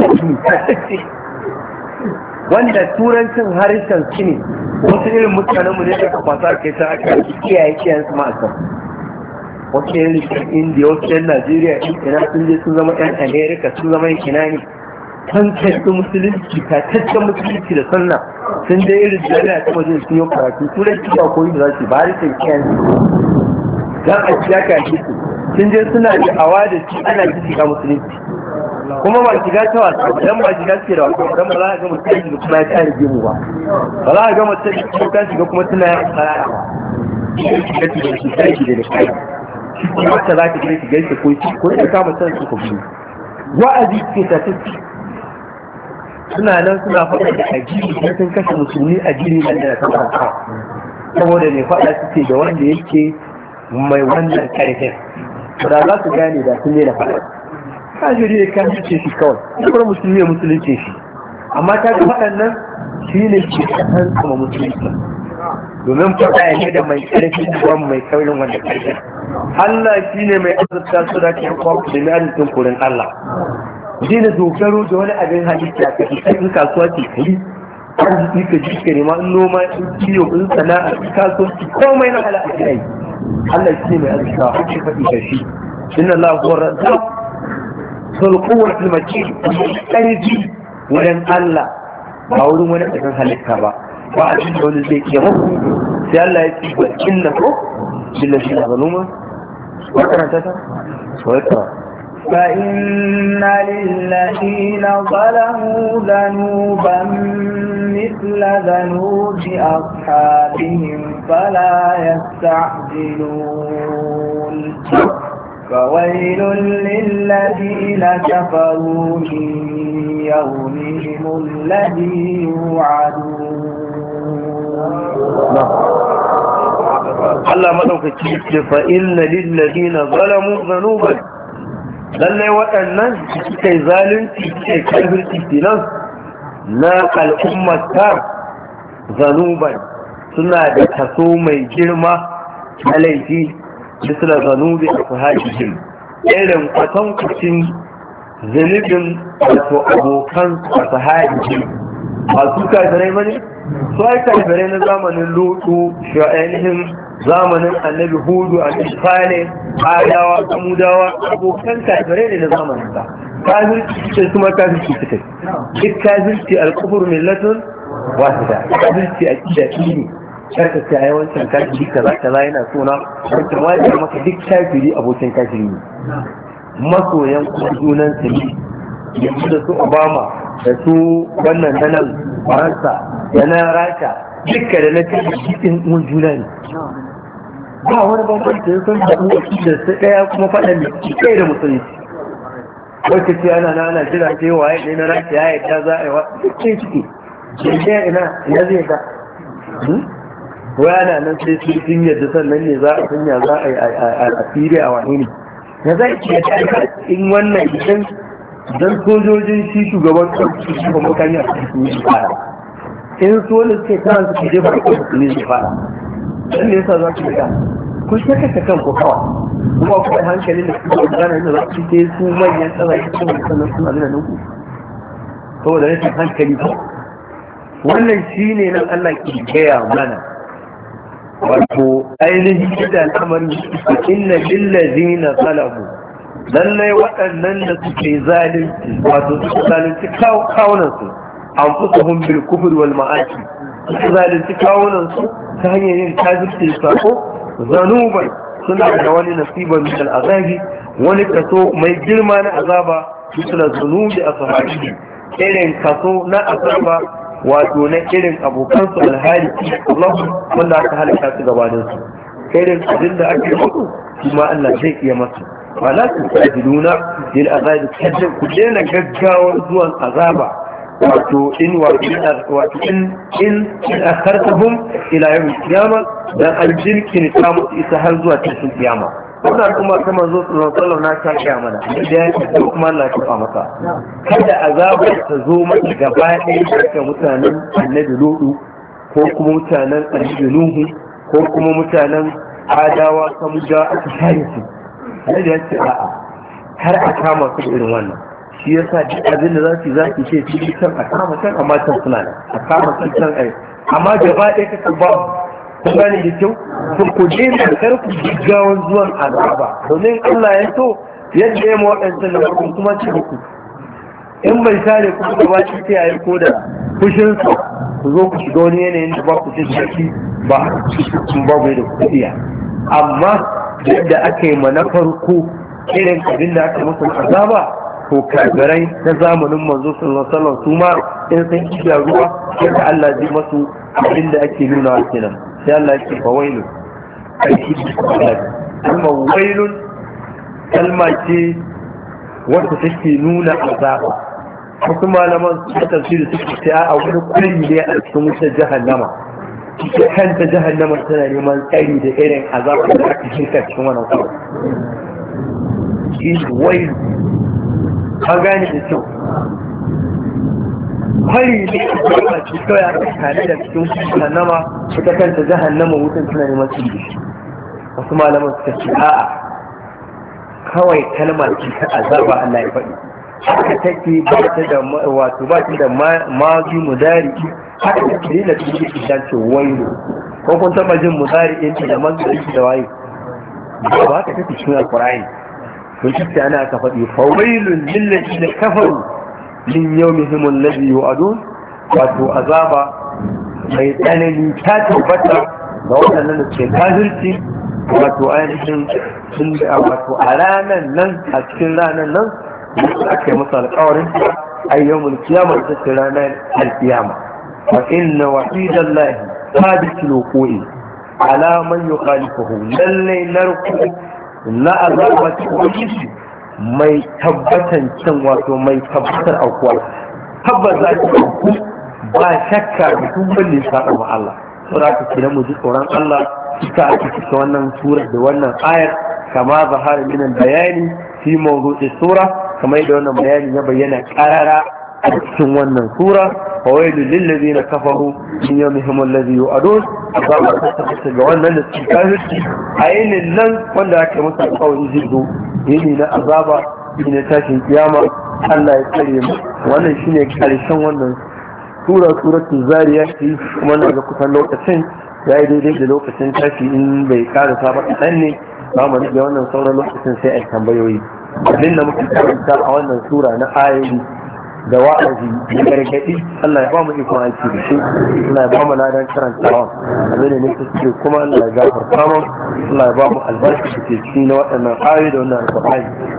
wanda turancin harshen su ne wasu irin mutanenmu ne suka kwasa kai ta aka kiyaye kiyayen su ma'asa. wasu yan rikin indiya wasu yan najeriya in ina sun je sun zama yan amerika sun zama yan ina ne kan tattu musulunci tataccen musulunci da sannan sun je irin jami'a ta wajen sun yi karatu turanci ba koyi da za su ba harshen kiyayen su za a cikin sun je suna da awa da shi ana ga musulunci kuma ba shiga ta wasa dan ba shiga ce da wasu dan ba za a ga mutum shiga kuma ya kare gemu ba ba za a ga da shiga ta shiga kuma tana ya fara shiga ta shiga ta shiga da kai shi kuma ta za ka ga shiga ta ko shi ko ta kama san su ko biyu wa'azi suna nan suna faɗa da ajiyi da sun kashe musulmi a ajiyi nan da ta fara saboda ne faɗa suke da wanda yake mai wannan karfin da za su gane da sun ne da faɗa kafiri ya kan ce shi kawai da kuma musulmi ya musulunce shi amma ta ga waɗannan shi ne ke kasan sama musulunci domin faɗa ya ne da mai ƙarfi kuma mai saurin wanda ƙarfi Allah shi ne mai azurta su da ke kwa da mai arzikin kurin Allah dina dogaro da wani abin halitta ka fi kai kasuwa ce kai arziki ka ji ka nema in noma in kiyo in sana'a in kasuwanci komai na hala'a kai Allah shi ne mai azurta a cikin faɗi ka shi inna Allah huwa razzaq sulkuwar filmaki ƙarfi wurin Allah ba wurin wani ƙasar halitta ba ba a cikin wani zai ke mafi sai Allah ya ci ba inna ko billa shi na zaluma wa karanta ta wa karanta فإن للذين ظلموا ذنوبا مثل ذنوب أصحابهم فلا يستعجلون فويل للذين كفروا من يومهم الذي يوعدون الله مدوك الشيخ فإن للذين ظلموا ذنوبا لن يوأنا كي ظالم كي كبر كتنا ناق الأمة ذنوبا سنة تسومي جرمة عليك misla zanubi ashabihim irin kwatan kucin zunubin wato abokan ashabihim ba su kafirai bane su ai kafirai na zamanin lutu shi zamanin annabi hudu a isfale adawa samudawa abokan kafirai ne na zamanin sa kafirci ce kuma kafirci suka yi duk kafirci alkufur millatun wasu da karka ce yawancin kashiri kafiri kaza kaza yana sona wancan wajen maka duk kafiri abokin kashiri ne masoyan junan su ne yanzu da su obama da su wannan nan faransa da na rasha dukka da na cikin cikin mun juna ne ba wani bambam da sun da uwa da su daya kuma faɗa mai ke da musulunci wacce ce ana na ana jira ce waye ne na rasha ya yi ta za a yi wa duk ce ciki ina ina zai ga wayana nan sai sun yadda sannan ne za a sanya za a yi a fili a wani ne ya za a ce in wannan idan don sojojin shi shugaban kwanci shi kuma kan yi a cikin shi fara in so ne suke kan su je ba su ne su fara dan ne yasa za ku ga ku shaka ta kanku kokawa. kuma ku hankali da kuke gana ne za ku ce su manyan tsara su kuma sannan suna nuna nan ku saboda rashin hankali wannan shine nan Allah ke gaya mana wato ainihin da lamarin inna lillazi na salamu lallai waɗannan da suke zalunci wato suke zalunci kawunansu an fusa hun bil kufur wal ma'aki suke zalunci kawunansu ta hanyar yin kafirce sako zanuban suna da wani nasiban min azabi wani kaso mai girma na azaba suna zunubi a sahari, irin kaso na azaba wato na irin abokansu alhali Allah wanda aka halaka su gabanin su irin abin da ake mutu kuma Allah zai iya masu ba la su sajiduna lil azabi kadan ku daina gaggawar zuwan azaba wato in wato in in in akhartahum ila yawm qiyamah dan aljin kin ta musu isa har zuwa tashin kiyama. kuma al'umma zo su sallallahu na ta kiya mana idan ya kuma Allah ta maka kada azabar ta zo mata gaba ɗaya ga mutanen annabi lodu ko kuma mutanen annabi nuhu ko kuma mutanen adawa samuja a kare su annabi ya ce a'a har a kama su irin wannan shi yasa duk abin da za su za su ce su can a kama can, amma can suna nan a kama can can ai amma gaba ɗaya ka ba kun gane da kyau to ku daina kar ku gaggawan zuwan azaba domin Allah ya so yadda ya waɗancan da farkon kuma ci ku in bai sare ku da ba shi sai ayi koda fushin su ku zo ku shiga wani yanayin da ba ku ci sarki ba kun ba da ku amma yadda aka yi na farko irin abin da aka musu azaba ko kagarai na zamanin manzo sallallahu alaihi wasallam su ma in sun kiyaye ruwa yadda Allah ji masu abin da ake nuna kenan sai Allah yake fa wailu aiki kuma wailun kalma ce wanda take nuna azaba wasu malaman suka da suka ce a wani kulli ne a cikin wutar jahannama cikin kanta jahannama tana neman tsari da irin azaba da aka shirka cikin wannan kawai shi wailu an gane da kyau kwari ne a kuma ci kawai aka tare da cikin jahannama ita kanta jahannama wutan tana neman su yi wasu malaman suka ce a'a kawai kalmar ce ta azaba Allah ya faɗi haka take ba ta da wato ba ta da mazu mudari haka take ne da cikin ita ce Wairo. ko kun taba jin mudari ɗin ta da mazu da wayo ba haka take cikin alƙur'ani to shi ana aka faɗi fawailun lillahi da kafaru min yawmihim alladhi yu'adun wato azaba mai tsanani ta tabbata ga waɗannan da ke kafirci wato ainihin sun da wato a ranar nan a cikin ranar nan aka ake masa alƙawarin a yawmul kiyama ita ce ranar alkiyama wa inna bi sadiqul wuqu'i ala man yukhalifuhu lallai narku na azaba ta ubangiji mai tabbatan cin wato mai tabbatar aukuwa tabbas za ki auku ba shakka da dubban ne sa ba Allah za ka kira mu ji tsoron Allah kika ake cika wannan sura da wannan ayar kama zahara minan bayani fi mawdu'i sura kamar da wannan bayani ya bayyana karara a cikin wannan sura fa wailu lil ladina kafaru min yawmihim alladhi yu'adun za mu tattaba ga wannan da su kafirci a yinin nan wanda ake masa kawai zidu yini na azaba ne tashin kiyama Allah ya kare mu wannan shine karshen wannan sura suratul zariyat kuma na ga kusan lokacin ya yi daidai da lokacin tashi in bai kara saba kaɗan ne za mu rike wannan sauran lokacin sai a tambayoyi abin da muke karanta a wannan sura na ayoyi da wa'azi da gargaɗi Allah ya ba mu ikon aiki da shi Allah ya ba mu ladan karantawa abin da nake ciki kuma Allah ya gafarta mu Allah ya ba mu albarka da ke cikin waɗannan ayoyi da wannan alƙur'ani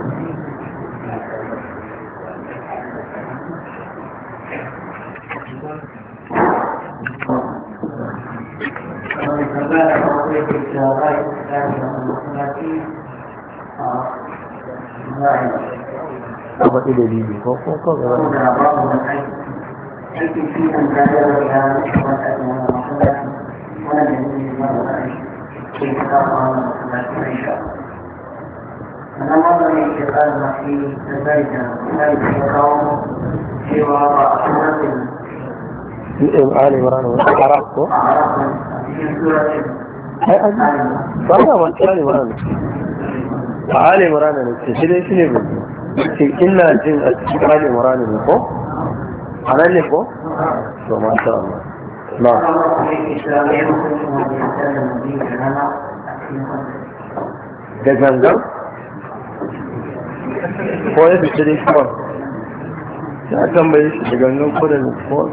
Thank you. a faɗi dalili ko ko أنا ما من قال في زبيدة زبيدة قوم في وضع سورة آل عمران وعرفته في سورة آل عمران آل عمران ne sai dai shi ce ina jin a cikin ali murani ne ko a nan ne ko to masha Allah na da gangan ko ya fi cire shi ba ya tambaye shi da gangan ko da ko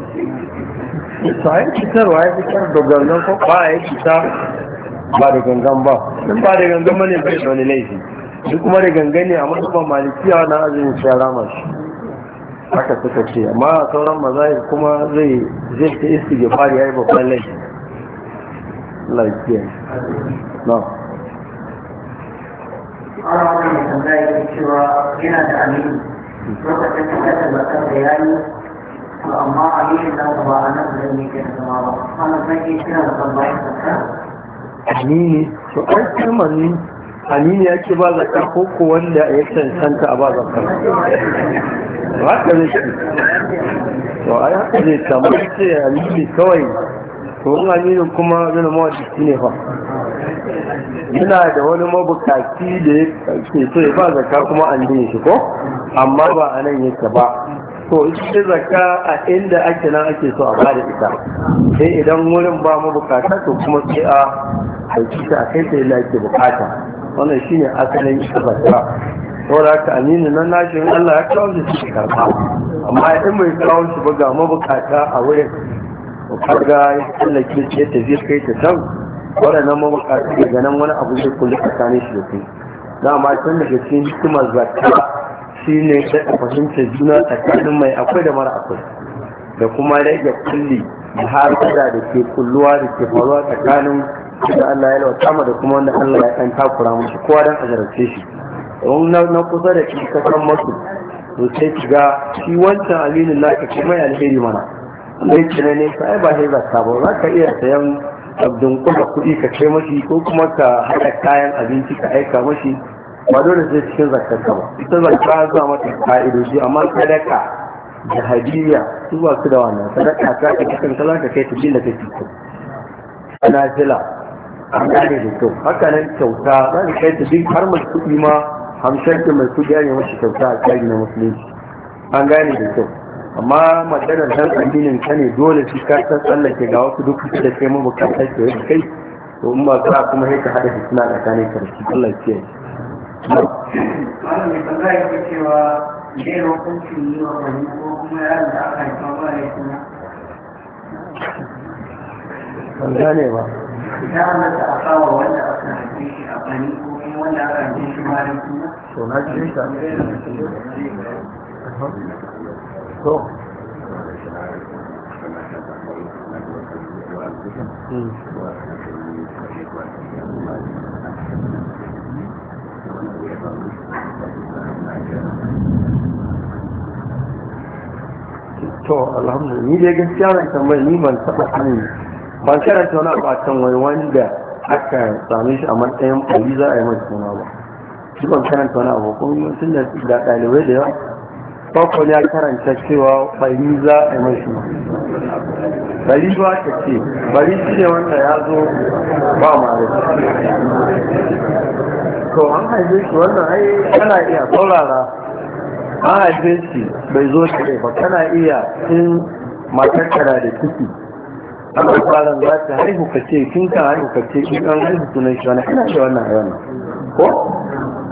ita ya fitarwa ya fitar da gangan ko ba ya fitar ba da gangan ba ba da gangan ba ne bai da wani laifi shi kuma da gangane a matsaban malikiya na azumin shara masu rama haka suka ce amma sauran mazahir kuma zai zai ta ya yi babban laifi lafiya na cewa yana da amini lokacin da to amma aminin nan ba a nan zai ne ke zama ba ana zai iya kira da tambayar zakar amini to ai kalmar ne amini ya ce ba zaka ko ko wanda ya cancanta a ba ba ka ne shi to ai haka ne tamar ce amini kawai to in aminin kuma zai mawadisi ne fa yana da wani mabukaci da ya ke so ya ba zaka kuma an shi ko amma ba a nan yake ba to ita zakka a inda ake nan ake so a bada ita sai idan wurin ba mu bukata to kuma sai a haifi ta a kai sai yi bukata wannan shine asalin ita zakka saboda haka aminu nan na in Allah ya kawo shi shi karba amma in bai kawo shi ba ga mabukata a wurin to kaga ya tsallake ce ta kai ta can waɗannan mabukata ga nan wani abu zai kulle tsakanin shi da kai dama tun daga cikin hikimar zakka shine a fahimta juna tsakanin mai akwai da mara akwai da kuma rage kulli da harkada da ke kulluwa da ke faruwa tsakanin da Allah ya lauta ma da kuma wanda Allah ya kan takura musu kowa don a zarafce shi na kusa da shi ka san masu to sai ki ga shi wancan aminin naka kuma mai alheri mana sai ki ne ne sai ba sai ba za ka iya sayan abdun kuɗi ka kai mashi ko kuma ka haɗa kayan abinci ka aika mashi ba dole sai cikin zakar ba ita zakka za mata ka'idoji amma sadaka da hadiya su ba su da wannan sadaka ta ka cikin ka ka kai tafi da kake ko ana fila an gane da kyau haka nan kyauta za ka kai ta har mai kuɗi ma hamshanki mai kuɗi ne mashi kyauta a tsari na musulunci an gane da kyau amma maganar dan addinin ka ne dole shi ka san tsallake ga wasu duk da kai mabukatar ke kai to in ba za kuma sai ka haɗa fitina tsakanin karshe Allah ya kiyaye Malam mai tambaya ya cewa ne hukuncin yi wa wani ko kuma yaron da aka haifa ba ya suna. Ban gane ba. Ya halatta a kawo wanda aka haife shi a bani ko kuma wanda aka haife shi ma da To na ji To. Mm. to alhamdulillah ni dai gaskiya ban tambayi ni ban taba sanin ban karanta wani abu a can wai wanda aka same shi a matsayin ɓari za a yi mai suna ba shi ban karanta wani abu kun sun da da ɗalibai da yawa ko ya karanta cewa ɓari za a yi mai suna ɓari ba ta ce ɓari shi ne wanda ya zo ba ma da to an haife shi wannan ai kana iya saurara an haife shi bai zo shi ba kana iya in matar da ciki an fara za ta haihu ka ce kin kan haihu ka ce kin an haihu sunan shi wannan kana da wannan ai wannan ko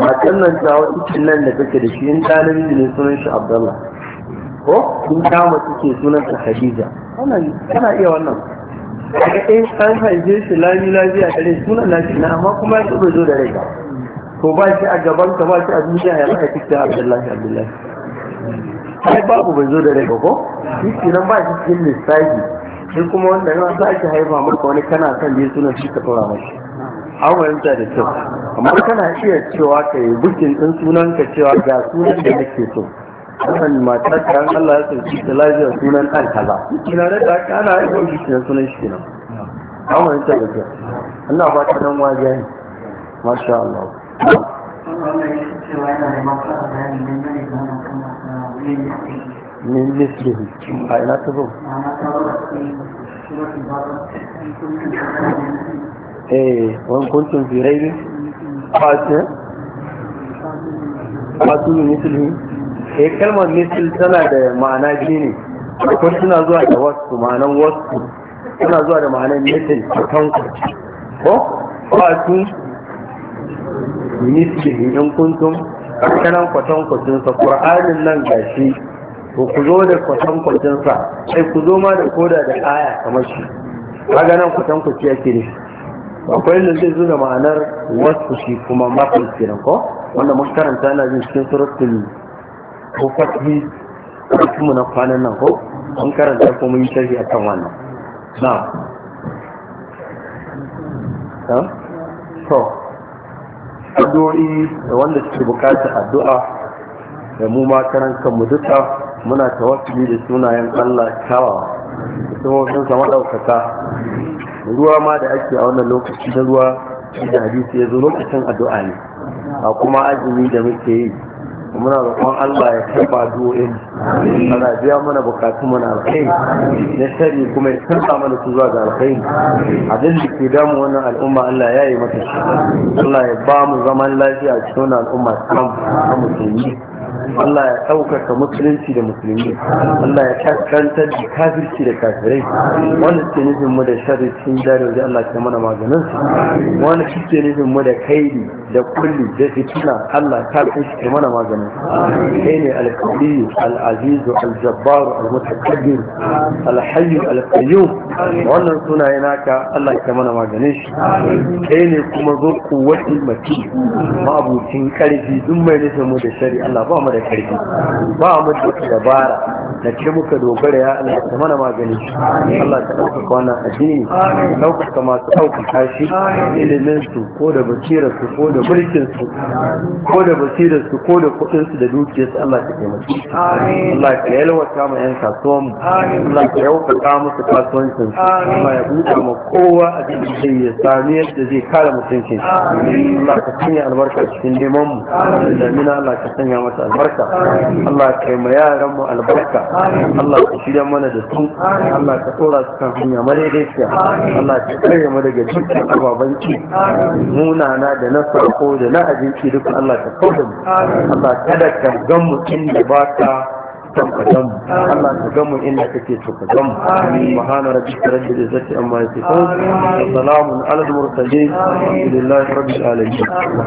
matan nan ta wata nan da kake da shi in ta namiji ne sunan shi abdallah ko in ta mace ke sunan ta khadija wannan kana iya wannan daga in an haife shi lami lafiya kare sunan nashi na amma kuma ya zo da rai ko ba shi a gaban ka ba shi a duniya ya raka cikin abdullahi abdullahi ai babu bai zo da rai ba ko shi nan ba shi cikin lissafi shi kuma wanda ya sa ake haifa maka wani kana son ne sunan shi ka tura mashi an fahimta da kyau amma kana iya cewa ka yi bukin ɗin sunan ka cewa ga sunan da nake so wannan mata ta an Allah ya sauki ta lafiya sunan ɗan kaza na da ta kana haifa bukin sunan shi kenan an fahimta da kyau Allah ba ta dan wajiya ne masha Allah من مثله لا تظن إيه وإن كنتم في ريب قاتل قاتل مثله إيه كلمة مثل سنة معنى جيني akwai suna zuwa da wasu ma'anan wasu suna zuwa da ma'anan mitin a kanku ko bimislihi in kuntum kwatan kwatankwacinsa ƙur'anin nan gashi ko ku zo da kwatankwacinsa sai ku zo ma da koda da aya kamar shi kaga nan kwatankwaci yake ne akwai da zai zo da ma'anar wasu shi kuma mafi kenan ko wanda mun karanta na jin cikin suratul ko fatihi kuma na kwanan nan ko an karanta ko mun yi a kan wannan na to addu'o'i da wanda suke bukata addu'a da mu ma karan kanmu duka muna tawassuli da sunayen Allah kawa da sunan sa madaukaka ruwa ma da ake a wannan lokaci da ruwa da hadisi ya zo lokacin addu'a ne a kuma azumi da muke yi muna roƙon Allah ya karɓa duwoyin ana biya mana bukatu mana alkhairi na shari kuma ya karɓa mana su zuwa ga alkhairi abin da ke damu wannan al'umma Allah ya yi mata shi Allah ya ba mu zaman lafiya a cikin wannan al'umma ta mu musulmi Allah ya ɗaukaka musulunci da musulmi Allah ya kaskantar da kafirci da kafirai wanda suke nufin mu da sharri cikin jari da Allah ke mana maganin su wanda suke nufin mu da kaidi da kulli da fitina Allah ta kai shi mana maganin su kai ne alƙaliyu al'azizu aljabbaru almutakabbir alhayyu alqayyum wannan sunaye naka Allah ke mana maganin shi kai ne kuma zo kuwatin mati ma'abucin karfi duk mai nufin mu da shari Allah ba mu da karfi ba mu da wata dabara da ce muka dogara ya Allah ka mana magani Allah ka ɗaukaka wannan addini ɗaukaka masu ɗaukaka shi ilimin su ko da basirar su ko da mulkin su ko da basirar su ko da kuɗin su da dukiyar su Allah ka taimaki Allah ka yalwata mu yan kasuwan mu Allah ka yaukaka musu kasuwancin su Allah ya buɗe ma kowa a cikin sai ya sami yadda zai kare mutuncin shi Allah ka sanya albarka cikin neman mu da mina Allah ka sanya mata albarka Allah ka ma yaran mu albarka Allah ka shirya mana da su Allah ka tsora su kan hanya madaidaiciya Allah ka kare mu daga dukkan ababen munana da na sako da na abinci duk Allah ka kauda mu Allah kada ka gan mu inda ba ka تقدم الله تقدم إنك كي تقدم سبحان ربك رب العزة أما يصفون وسلام على المرسلين الحمد لله رب العالمين